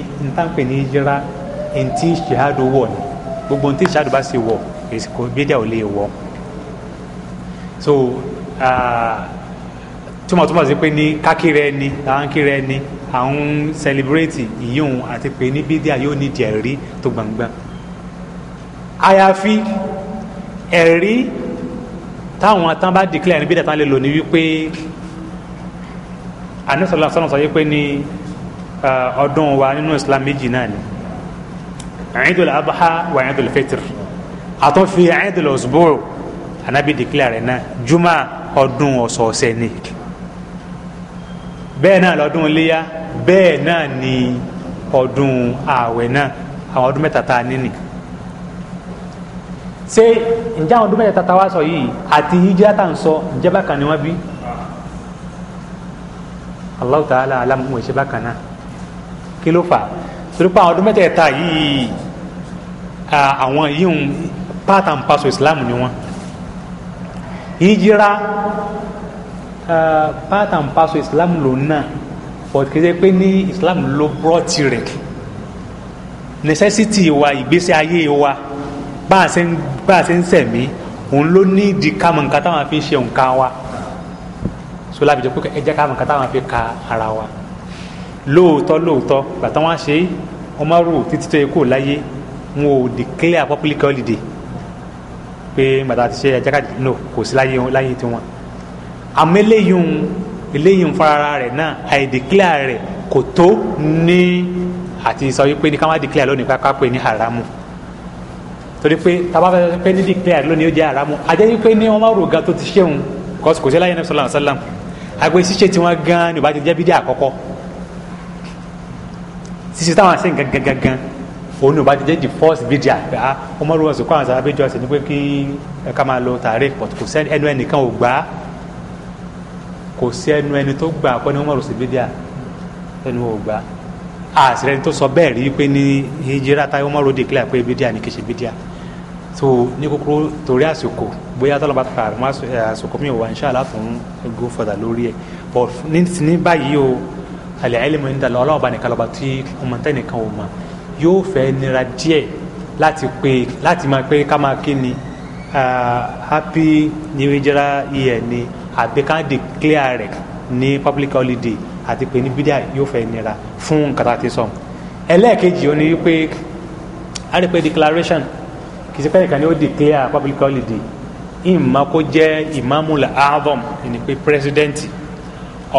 ní yíra ni gbogbo ntí ṣèhádó bá sì wọ̀ èsìkò gbéjà ò lè wọ̀ so túmọ̀ sí pé ní kákìrẹ́ ni àánkìrẹ́ ni à ń ìyóhun àti pé ẹ̀rí táwọn tán bá declare bí dàtà lè lò ní wípé anisọlá sọlá sọ ní ọdún wa nínú Islam méjì náà ni Eidul Adha wa Eidul Fitr àtúnfi Eidul Usbu' anabi declare náà juma ọdún ọ̀sọ̀ọ̀sẹ̀ ni bẹ́ẹ̀ náà lọ́dún iléyà bẹ́ẹ̀ náà ni ọdún ààwẹ̀ náà àwọn ọdún mẹ́ta tá ṣé ǹjẹ́ àwọn ọdún mẹ́ta tàwa sọ yìí àti hijira tá à ń sọ ǹjẹ́ bákan ni ta'ala alamu ẹ̀ṣẹ́ bákan náà kí ló fà torí pé àwọn ọdún mẹ́tẹ̀ẹ̀ta yìí àwọn yìí ń part and parcel Islam ni wọ́n hijira part and parcel Islam ló náà but kì pé ní Islam ló brought rẹ̀ necessity wa ìgbésí ayé wa bá a ṣe ń bá a ṣe ń sẹ̀mí òun ló ní ìdí kámọ̀ nǹkan táwọn fi ń ṣe nǹkan wa so láti jẹ́ pé ẹ jẹ́ kámọ̀ nǹkan táwọn fi ka ara wa lóòótọ́ lóòótọ́ gbàtọ́ wọn ṣe Umaru títí tó yẹ kó láyé wọn ò declare public holiday pé gbàtà ti ṣe ẹjẹ́ káàdì no kò sí láyé láyé tiwọn àmọ́ eléyìí eléyìí fara rẹ̀ náà àì declare rẹ̀ kò tó ní àti sọ wípé ní ká má declare lónìí pápá pé ní haramu torí pé taba fẹ́ pé ní declare lónìí ó jẹ́ aramu ajẹ́ wípé ní wọn bá rò gan tó ti ṣéun kọ́sì kò sí láyé nàbísọ̀lá sallam àgbẹ̀ ṣíṣe tí wọ́n gan ni ò bá ti jẹ́ bídí àkọ́kọ́ ṣíṣe táwọn àṣẹ nǹkan gan gan òun ni ò bá ti jẹ́ the first bídí àgbà ah, wọn mọ̀ rúwọ̀n sùkọ́ àwọn sábẹ́ jọ ṣe ni pé kí ká máa lọ tààrí pọ̀t kò sẹ́ni ẹnu ẹnìkan ò gbà kò sí ẹnu ẹni tó gbà kọ́ ni wọ́n mọ̀ rò sí bídí à ẹnu ò gbà àṣìrẹ́ ah, tó sọ bẹ́ẹ̀ rí pé ní hijira táyé wọn ròde kílà pé bídíà ní kìsì bídíà so ní kúkúrú torí àsìkò bóyá tọ́lọ́ bá ta àwọn eh, àsìkò mi ò wá inṣàlá fún go further lórí ẹ̀ but ní ní báyìí o àlẹ́ àìlèmọ̀ níta lọ ọlọ́ọ̀bá nìkan lọ́ba tí ọmọ tẹ́nìkan ò mọ̀ yóò fẹ́ nira díẹ̀ láti pé láti máa pé ká máa kí ni ah, happy new year year ni àbí declare rẹ̀ ní public holiday àti pé ní bídíà yóò fẹ́ nira fún nǹkan tá a ti sọ ẹlẹ́ẹ̀kejì ó ní pé a rí pé declaration kì í ṣe pé ni ó declare public holiday ìmọ̀ kó jẹ́ imamul adam ni pé president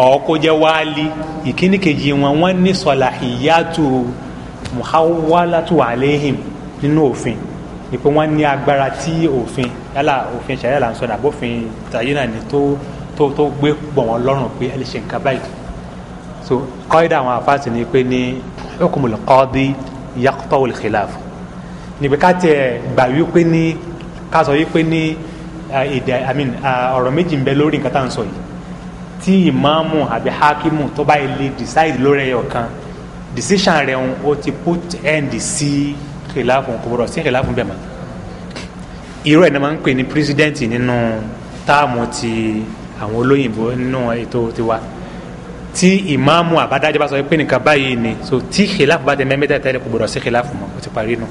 ọ̀ kó jẹ́ wáálí ìkíní kejì wọn wọ́n ní sọ̀làhìyàtò muhawalatu aleihim nínú òfin ni pé wọ́n ní agbára tí òfin yálà òfin ṣàyẹ̀ là ń sọ ní àbófin tàyínà ni tó tó tó gbé bọ̀ wọ́n lọ́rùn pé ẹ lè ṣe nǹkan báyìí so kọ́ídà àwọn afáàsì ni pé ní hukumul qadi yaqta'ul khilaf níbi ká tiẹ̀ gbà wípé ní ká sọ wípé ní èdè i mean ọ̀rọ̀ méjì ń bẹ lórí nǹkan tá à ń sọ yìí tí ìmáàmù àbí hákímù tó bá lè decide lórí ẹyọ kan decision rẹ̀ ń o ti put end sí khilaf kò gbọdọ̀ sí khilaf bẹ́ẹ̀ mọ́ irú ẹ̀ náà máa ń pè ní president nínú táàmù ti àwọn olóyìnbó nínú ètò tiwa. No, tí ìmáàmù àbádájọ́ bá sọ pé nìkan báyìí ni so tí xìláfù bá tẹ mẹ́mẹ́ta ìtẹ́lẹ̀ kò gbọdọ̀ sí xìláfù mọ́ o ti parí nu.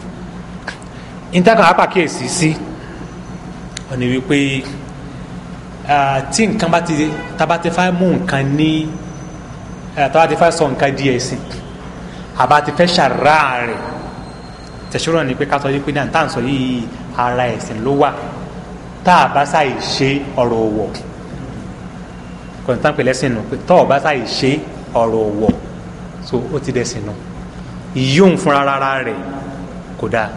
ìtàkùn apàkíyèsí sí ọ̀nà wípé tí nǹkan bá ti tabatifá mú nǹkan ní tabatifá sọ nǹkan díẹ̀ sí àbátifẹ́ ṣàrà rẹ̀ tẹ̀síwọ́n ni pé ká sọ yìí pé náà tá à ń sọ yìí ara ẹ̀sìn ló wà tá a bá ṣàì ṣe ọ̀rọ̀ kọ̀ǹtàn pẹ̀lẹ́ sínú tọ́ ọ bá sáyè ṣe ọ̀rọ̀ wọ̀ so ó ti dẹ̀ sínú ìyóhùn fúnra rárá rẹ̀ kò dáa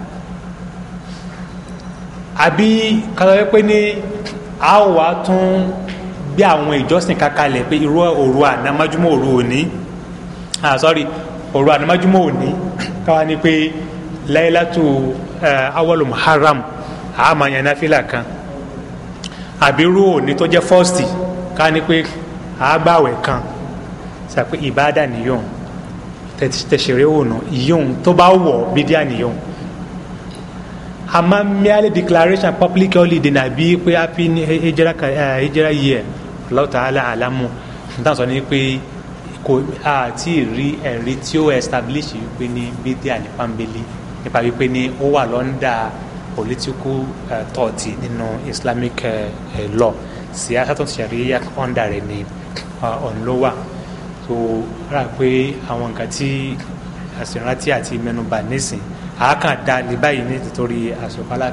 àbí kàtà wípé ní a ó wá tún gbé àwọn ìjọsìn kakalẹ̀ pé irú òru ànámájúmọ́ òru òní ah sorry òru ànámájúmọ́ òní káwa ni pé láìlátù awọ́lù muharram àmàyàn náfìlà kan àbí irú òní tó jẹ́ fọ́ọ̀sì ká ní pé àgbàwẹ̀ kan sàpé ìbádà nìyóhùn tẹ̀sẹ̀rẹ̀ ònà ìyóhùn tó bá wọ̀ bídíà nìyóhùn àmọ́ merely declaration public holiday nàbí pé happy eh, eh, hijra year Allah ta'ala alamu nítorí sọ ni pé kò àti rí ẹ̀rí tí ó establish wípé ní bídíà ní pàmbélé nípa wípé ní ó wà lọ́ndà political uh, thought nínú Islamic law siyasatun sharia under uh, rẹ̀ ni ọ̀n ló wà tó rà pé àwọn nǹkan tí àṣìrántí àti mẹ́nubà nísìn àákàndá ní báyìí ní títorí àṣọpálá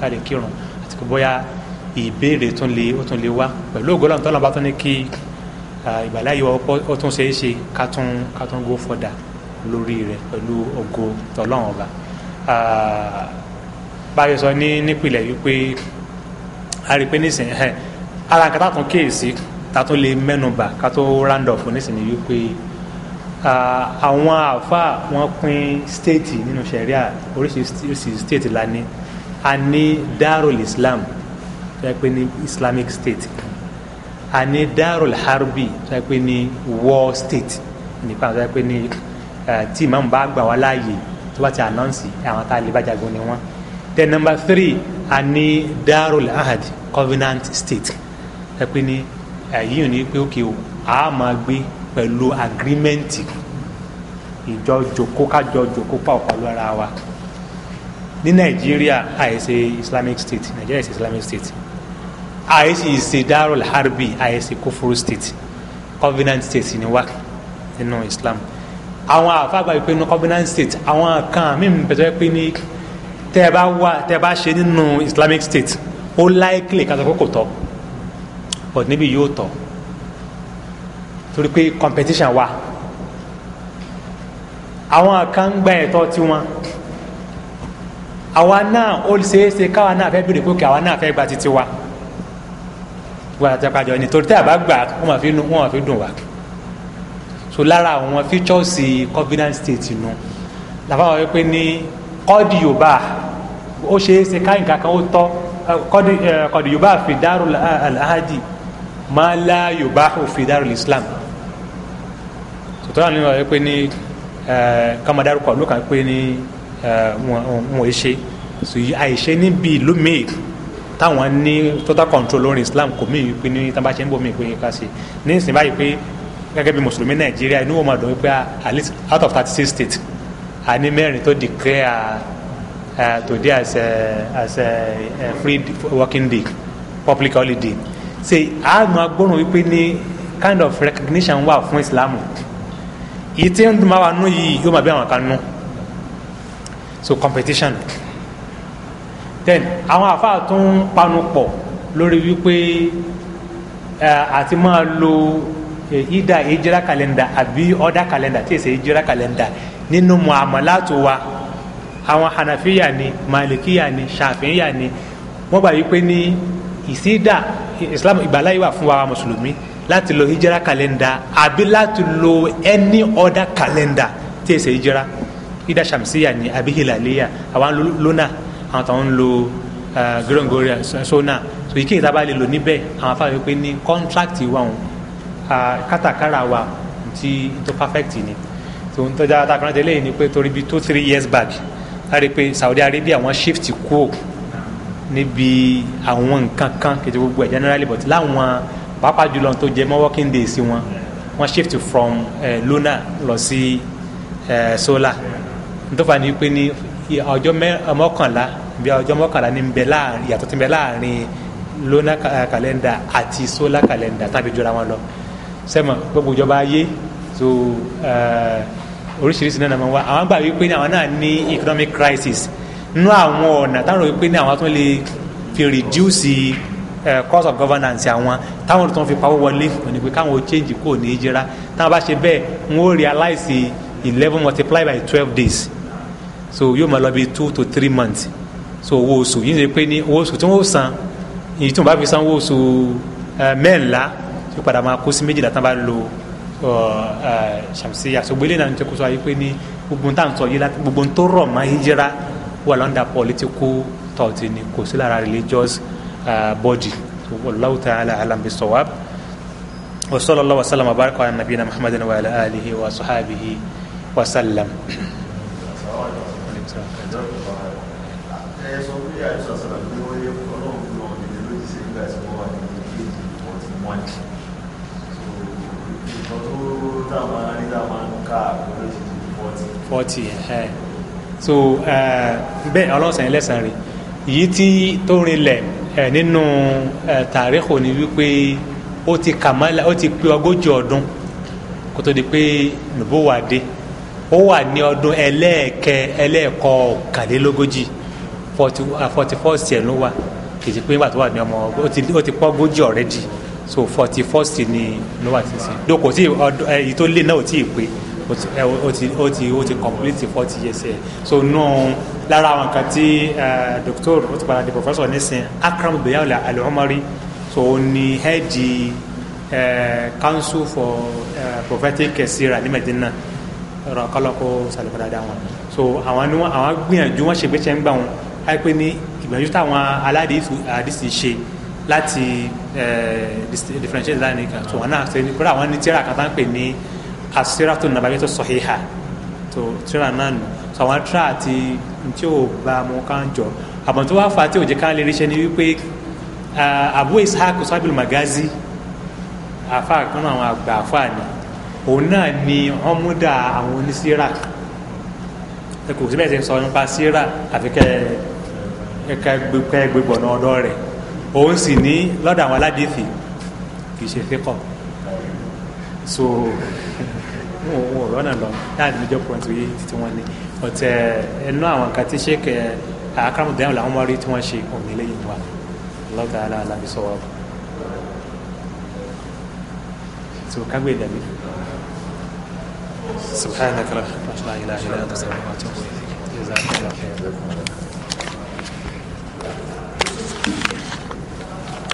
kálẹ̀ kírun àti pé bóyá ìbéèrè tún lè ó tún lè wá pẹ̀lú ògbólọ́n tọ́lọ́ bá tún ní kí ìgbàláyé ó tún ṣe é ṣe ká tún ká tún go further lórí rẹ̀ pẹ̀lú ògo tọ́lọ́run ọba báyìí sọ ní nípìnlẹ̀ yìí pé a rí i pé nísìnyí ara nǹkan tá a tún kíyèsí tá a tún lè mẹ́nubà ká tó round off nísìnyí wípé àwọn àáfàá wọn pín stéètì nínú ṣẹ̀ríà oríṣiríṣi stéètì la a ní darul islam tó yẹ pé ní islamic state a ní darul harbi tó yẹ pé ní war state nípa tó yẹ pé ní tí ìmáàmù bá gbà wá láàyè tó bá ti anọ́ǹsì àwọn tá a lè bá ni wọ́n then number three a ní darul ahad covenant state ẹ pé ní ẹ̀yìn ní pé ókè o a máa gbé pẹ̀lú agirímẹ́ǹtì ìjọ jòkó kájọ jòkó pa ọ̀pọ̀ lọ́ra wa ní nàìjíríà àìsè islamic state nàìjíríà àìsè islamic state àìsè ìṣèdárò harbi àìsè kófóró state covenant state ni wá nínú islam àwọn àfàgbà yìí pé ní covenant state àwọn kan mí pẹ̀tọ́ pé ní tẹ́ ẹ bá wà tẹ́ ẹ bá ṣe nínú islamic state ó láìkìlì kátó kókò tọ́ but níbi yóò tọ̀ torí pé competition wà àwọn kan gba ẹ̀tọ́ tiwọn àwa náà ó ṣeéṣe káwa náà fẹ́ bèrè pókè àwa náà fẹ́ gba titi wa gbọ́dọ̀ tẹ́ pàjọ ni torí a àbá gbà wọ́n máa fi dùn wọ́n máa fi dùn wá so lára àwọn features covenant state nu làbáwọn wípé ní kọ́ọ̀dì yorùbá ó ṣeéṣe káyìnká kan ó tọ́ kọ́ọ̀dì eh, yorùbá fi dárò àhádì. Uh, ma la yubahu fi darul islam sọtọ́ra nínú ọ̀rẹ́ pé ní kama dárúkọ ló kàn pé ní wọn ò ṣe àìṣe níbi ìlú míì táwọn ní total control lórí islam kò mí pé ní tá a bá ṣe ń bọ̀ mí pé ká ṣe ní ìsìn báyìí pé gẹ́gẹ́ bí mùsùlùmí nàìjíríà inú wọn máa dọ̀ wípé ah, at least out of thirty six states a ní mẹ́rin tó declare today as a, as a free working day public holiday ṣe àmọ́ agbóhùn wípé ní kind of recognition wà fún ìsìlámù èyí tí ń dùn máa wà nù yìí yóò máa bí àwọn kan nù so competition then àwọn àfáà tó ń panu pọ̀ lórí wípé àti máa lo ìdá ìjírá kàlẹ́ndà àbí ọ̀dà kàlẹ́ndà tí èsè ìjírá kàlẹ́ndà nínú muamalatu wa àwọn hanafiya ni malikiya ni shafiya ni wọ́n gbà wípé ní ìsídà islam ìgbàláyé wà fún wa mùsùlùmí láti lo hijira calendar àbí láti lo any other calendar tí èsè hijira ida shamsiya ni àbí hilaliya àwọn lona àwọn tó ń lo uh, gregorian sona so ìkéyìí tá a bá lè lò níbẹ̀ àwọn afáwọn pé ní contract wa òun uh, kátàkárà wa ti tó perfect ni tó ń tọ́jà tá a ni pé torí bí tó three years back láti pé Saudi Arabia wọ́n shift kúrò. Cool níbi àwọn nǹkan kan kìtì gbogbo ẹ̀ generally but láwọn pàápàá jùlọ tó jẹ mọ́ working days wọn wọ́n shift from uh, lunar lọ sí uh, solar ntọ́fà ni pé ní ọjọ́ mọ́kànlá bí ọjọ́ mọ́kànlá ní bẹ láàrin ìyàtọ̀ tí ń bẹ láàrin lunar eh, calendar àti solar calendar tàbí jura wọn lọ sẹ́mọ̀ gbogbo ìjọba ayé so oríṣiríṣi náà máa wá àwọn gbà wípé àwọn náà ní economic crisis nú àwọn ọ̀nà táwọn rò pé ní àwọn tó lè fi reduce eh, cost of governance àwọn táwọn tó ń fi pawó wọlé kò ní pé káwọn change kò ní í jẹra táwọn bá ṣe bẹ́ẹ̀ wọn ó realize eleven multiply by twelve days so yóò máa lọ bí two to three months so owó oṣù yìí ni pé ní owó oṣù tí wọ́n san èyí tí wọ́n bá fi san owó oṣù eh, mẹ́ẹ̀nlá tí padà máa kó sí méjìlá tán bá lo ṣàmùsíyà eh, ṣùgbọ́n eléyìí náà ń tẹ́kọ̀ọ́ sọ ayé pé ní gbogbo ń tà ń yìí gbogbo ń máa ń jẹra wà under political thought ni kò sí lára religious uh, body wallahu ta'ala alam bisawab wa sallallahu wa sallam wa baraka ala nabiyina muhammadin wa ala alihi wa sahbihi wa sallam. forty. Eh, eh so eh, bẹ́ẹ̀ ọlọ́sàn ẹlẹ́sàn rẹ̀ yìí tí tó rinlẹ̀ nínú tàríkò ni wípé ó ti kàmálà ó ti pé ọgójì ọdún kó tó di pé nùbó wà dé ó wà ní ọdún ẹlẹ́ẹ̀kẹ́ ẹlẹ́ẹ̀kọkànlélógójì forty eh, four tiẹ̀ ló wà kìí pé nígbà tó wà ní ọmọ ó ti pọ́ gójì ọ̀rẹ́dì so forty four ni ló wà sísè dókòó tí èyí tó lé náà ò tí ì pé ó ti ó ti ó ti complete forty years ẹ̀ so nù lára àwọn kan tí doctor ó ti padà di professor nísìn Akram Bayal al so ó ní hẹ́ẹ̀dì council for prophetic sira ní Medina ọ̀rọ̀ kọ́lọ́kọ́ sàlùkọ́ dáadáa wọn so àwọn ni wọn àwọn gbìyànjú wọn ṣègbésẹ̀ ń gbà wọn àìpé ní ìgbìyànjú táwọn aládìsí ṣe láti differentiate láàrin kan so wọn náà ṣe kódà wọn ní tíra kan tá ń pè ní. asiratu nabawiyatu to tó tíra náà nù tó àwọn tíra àti tí ò bá mu ká ń jọ tó wá fà ti o ò ká lè ni wípé abu ishaq sábìlì magazi àfa kan àwọn àgbà ni òun náà ni ọmúdà àwọn onísíra ẹ kò síbẹ̀ ṣe sọ nípa síra àfi kẹ́ ẹ kẹ́ òun sì ní lọ́dọ̀ àwọn kì í ṣe so. wọn ò rọ́nà lọ láti lójó pọ̀ nítorí títí wọn ní ọ̀tẹ̀ ẹnu àwọn nǹkan tí ṣéèkì uh, akaramudan làwọn máa rí tí wọ́n ṣe òní lẹ́yìn wa lọ́tà aláàbí sọ wọn. so kágbé dàbí subhanaka wa rahmatulahi ilaha illa anta astaghfiruka wa atubu ilayk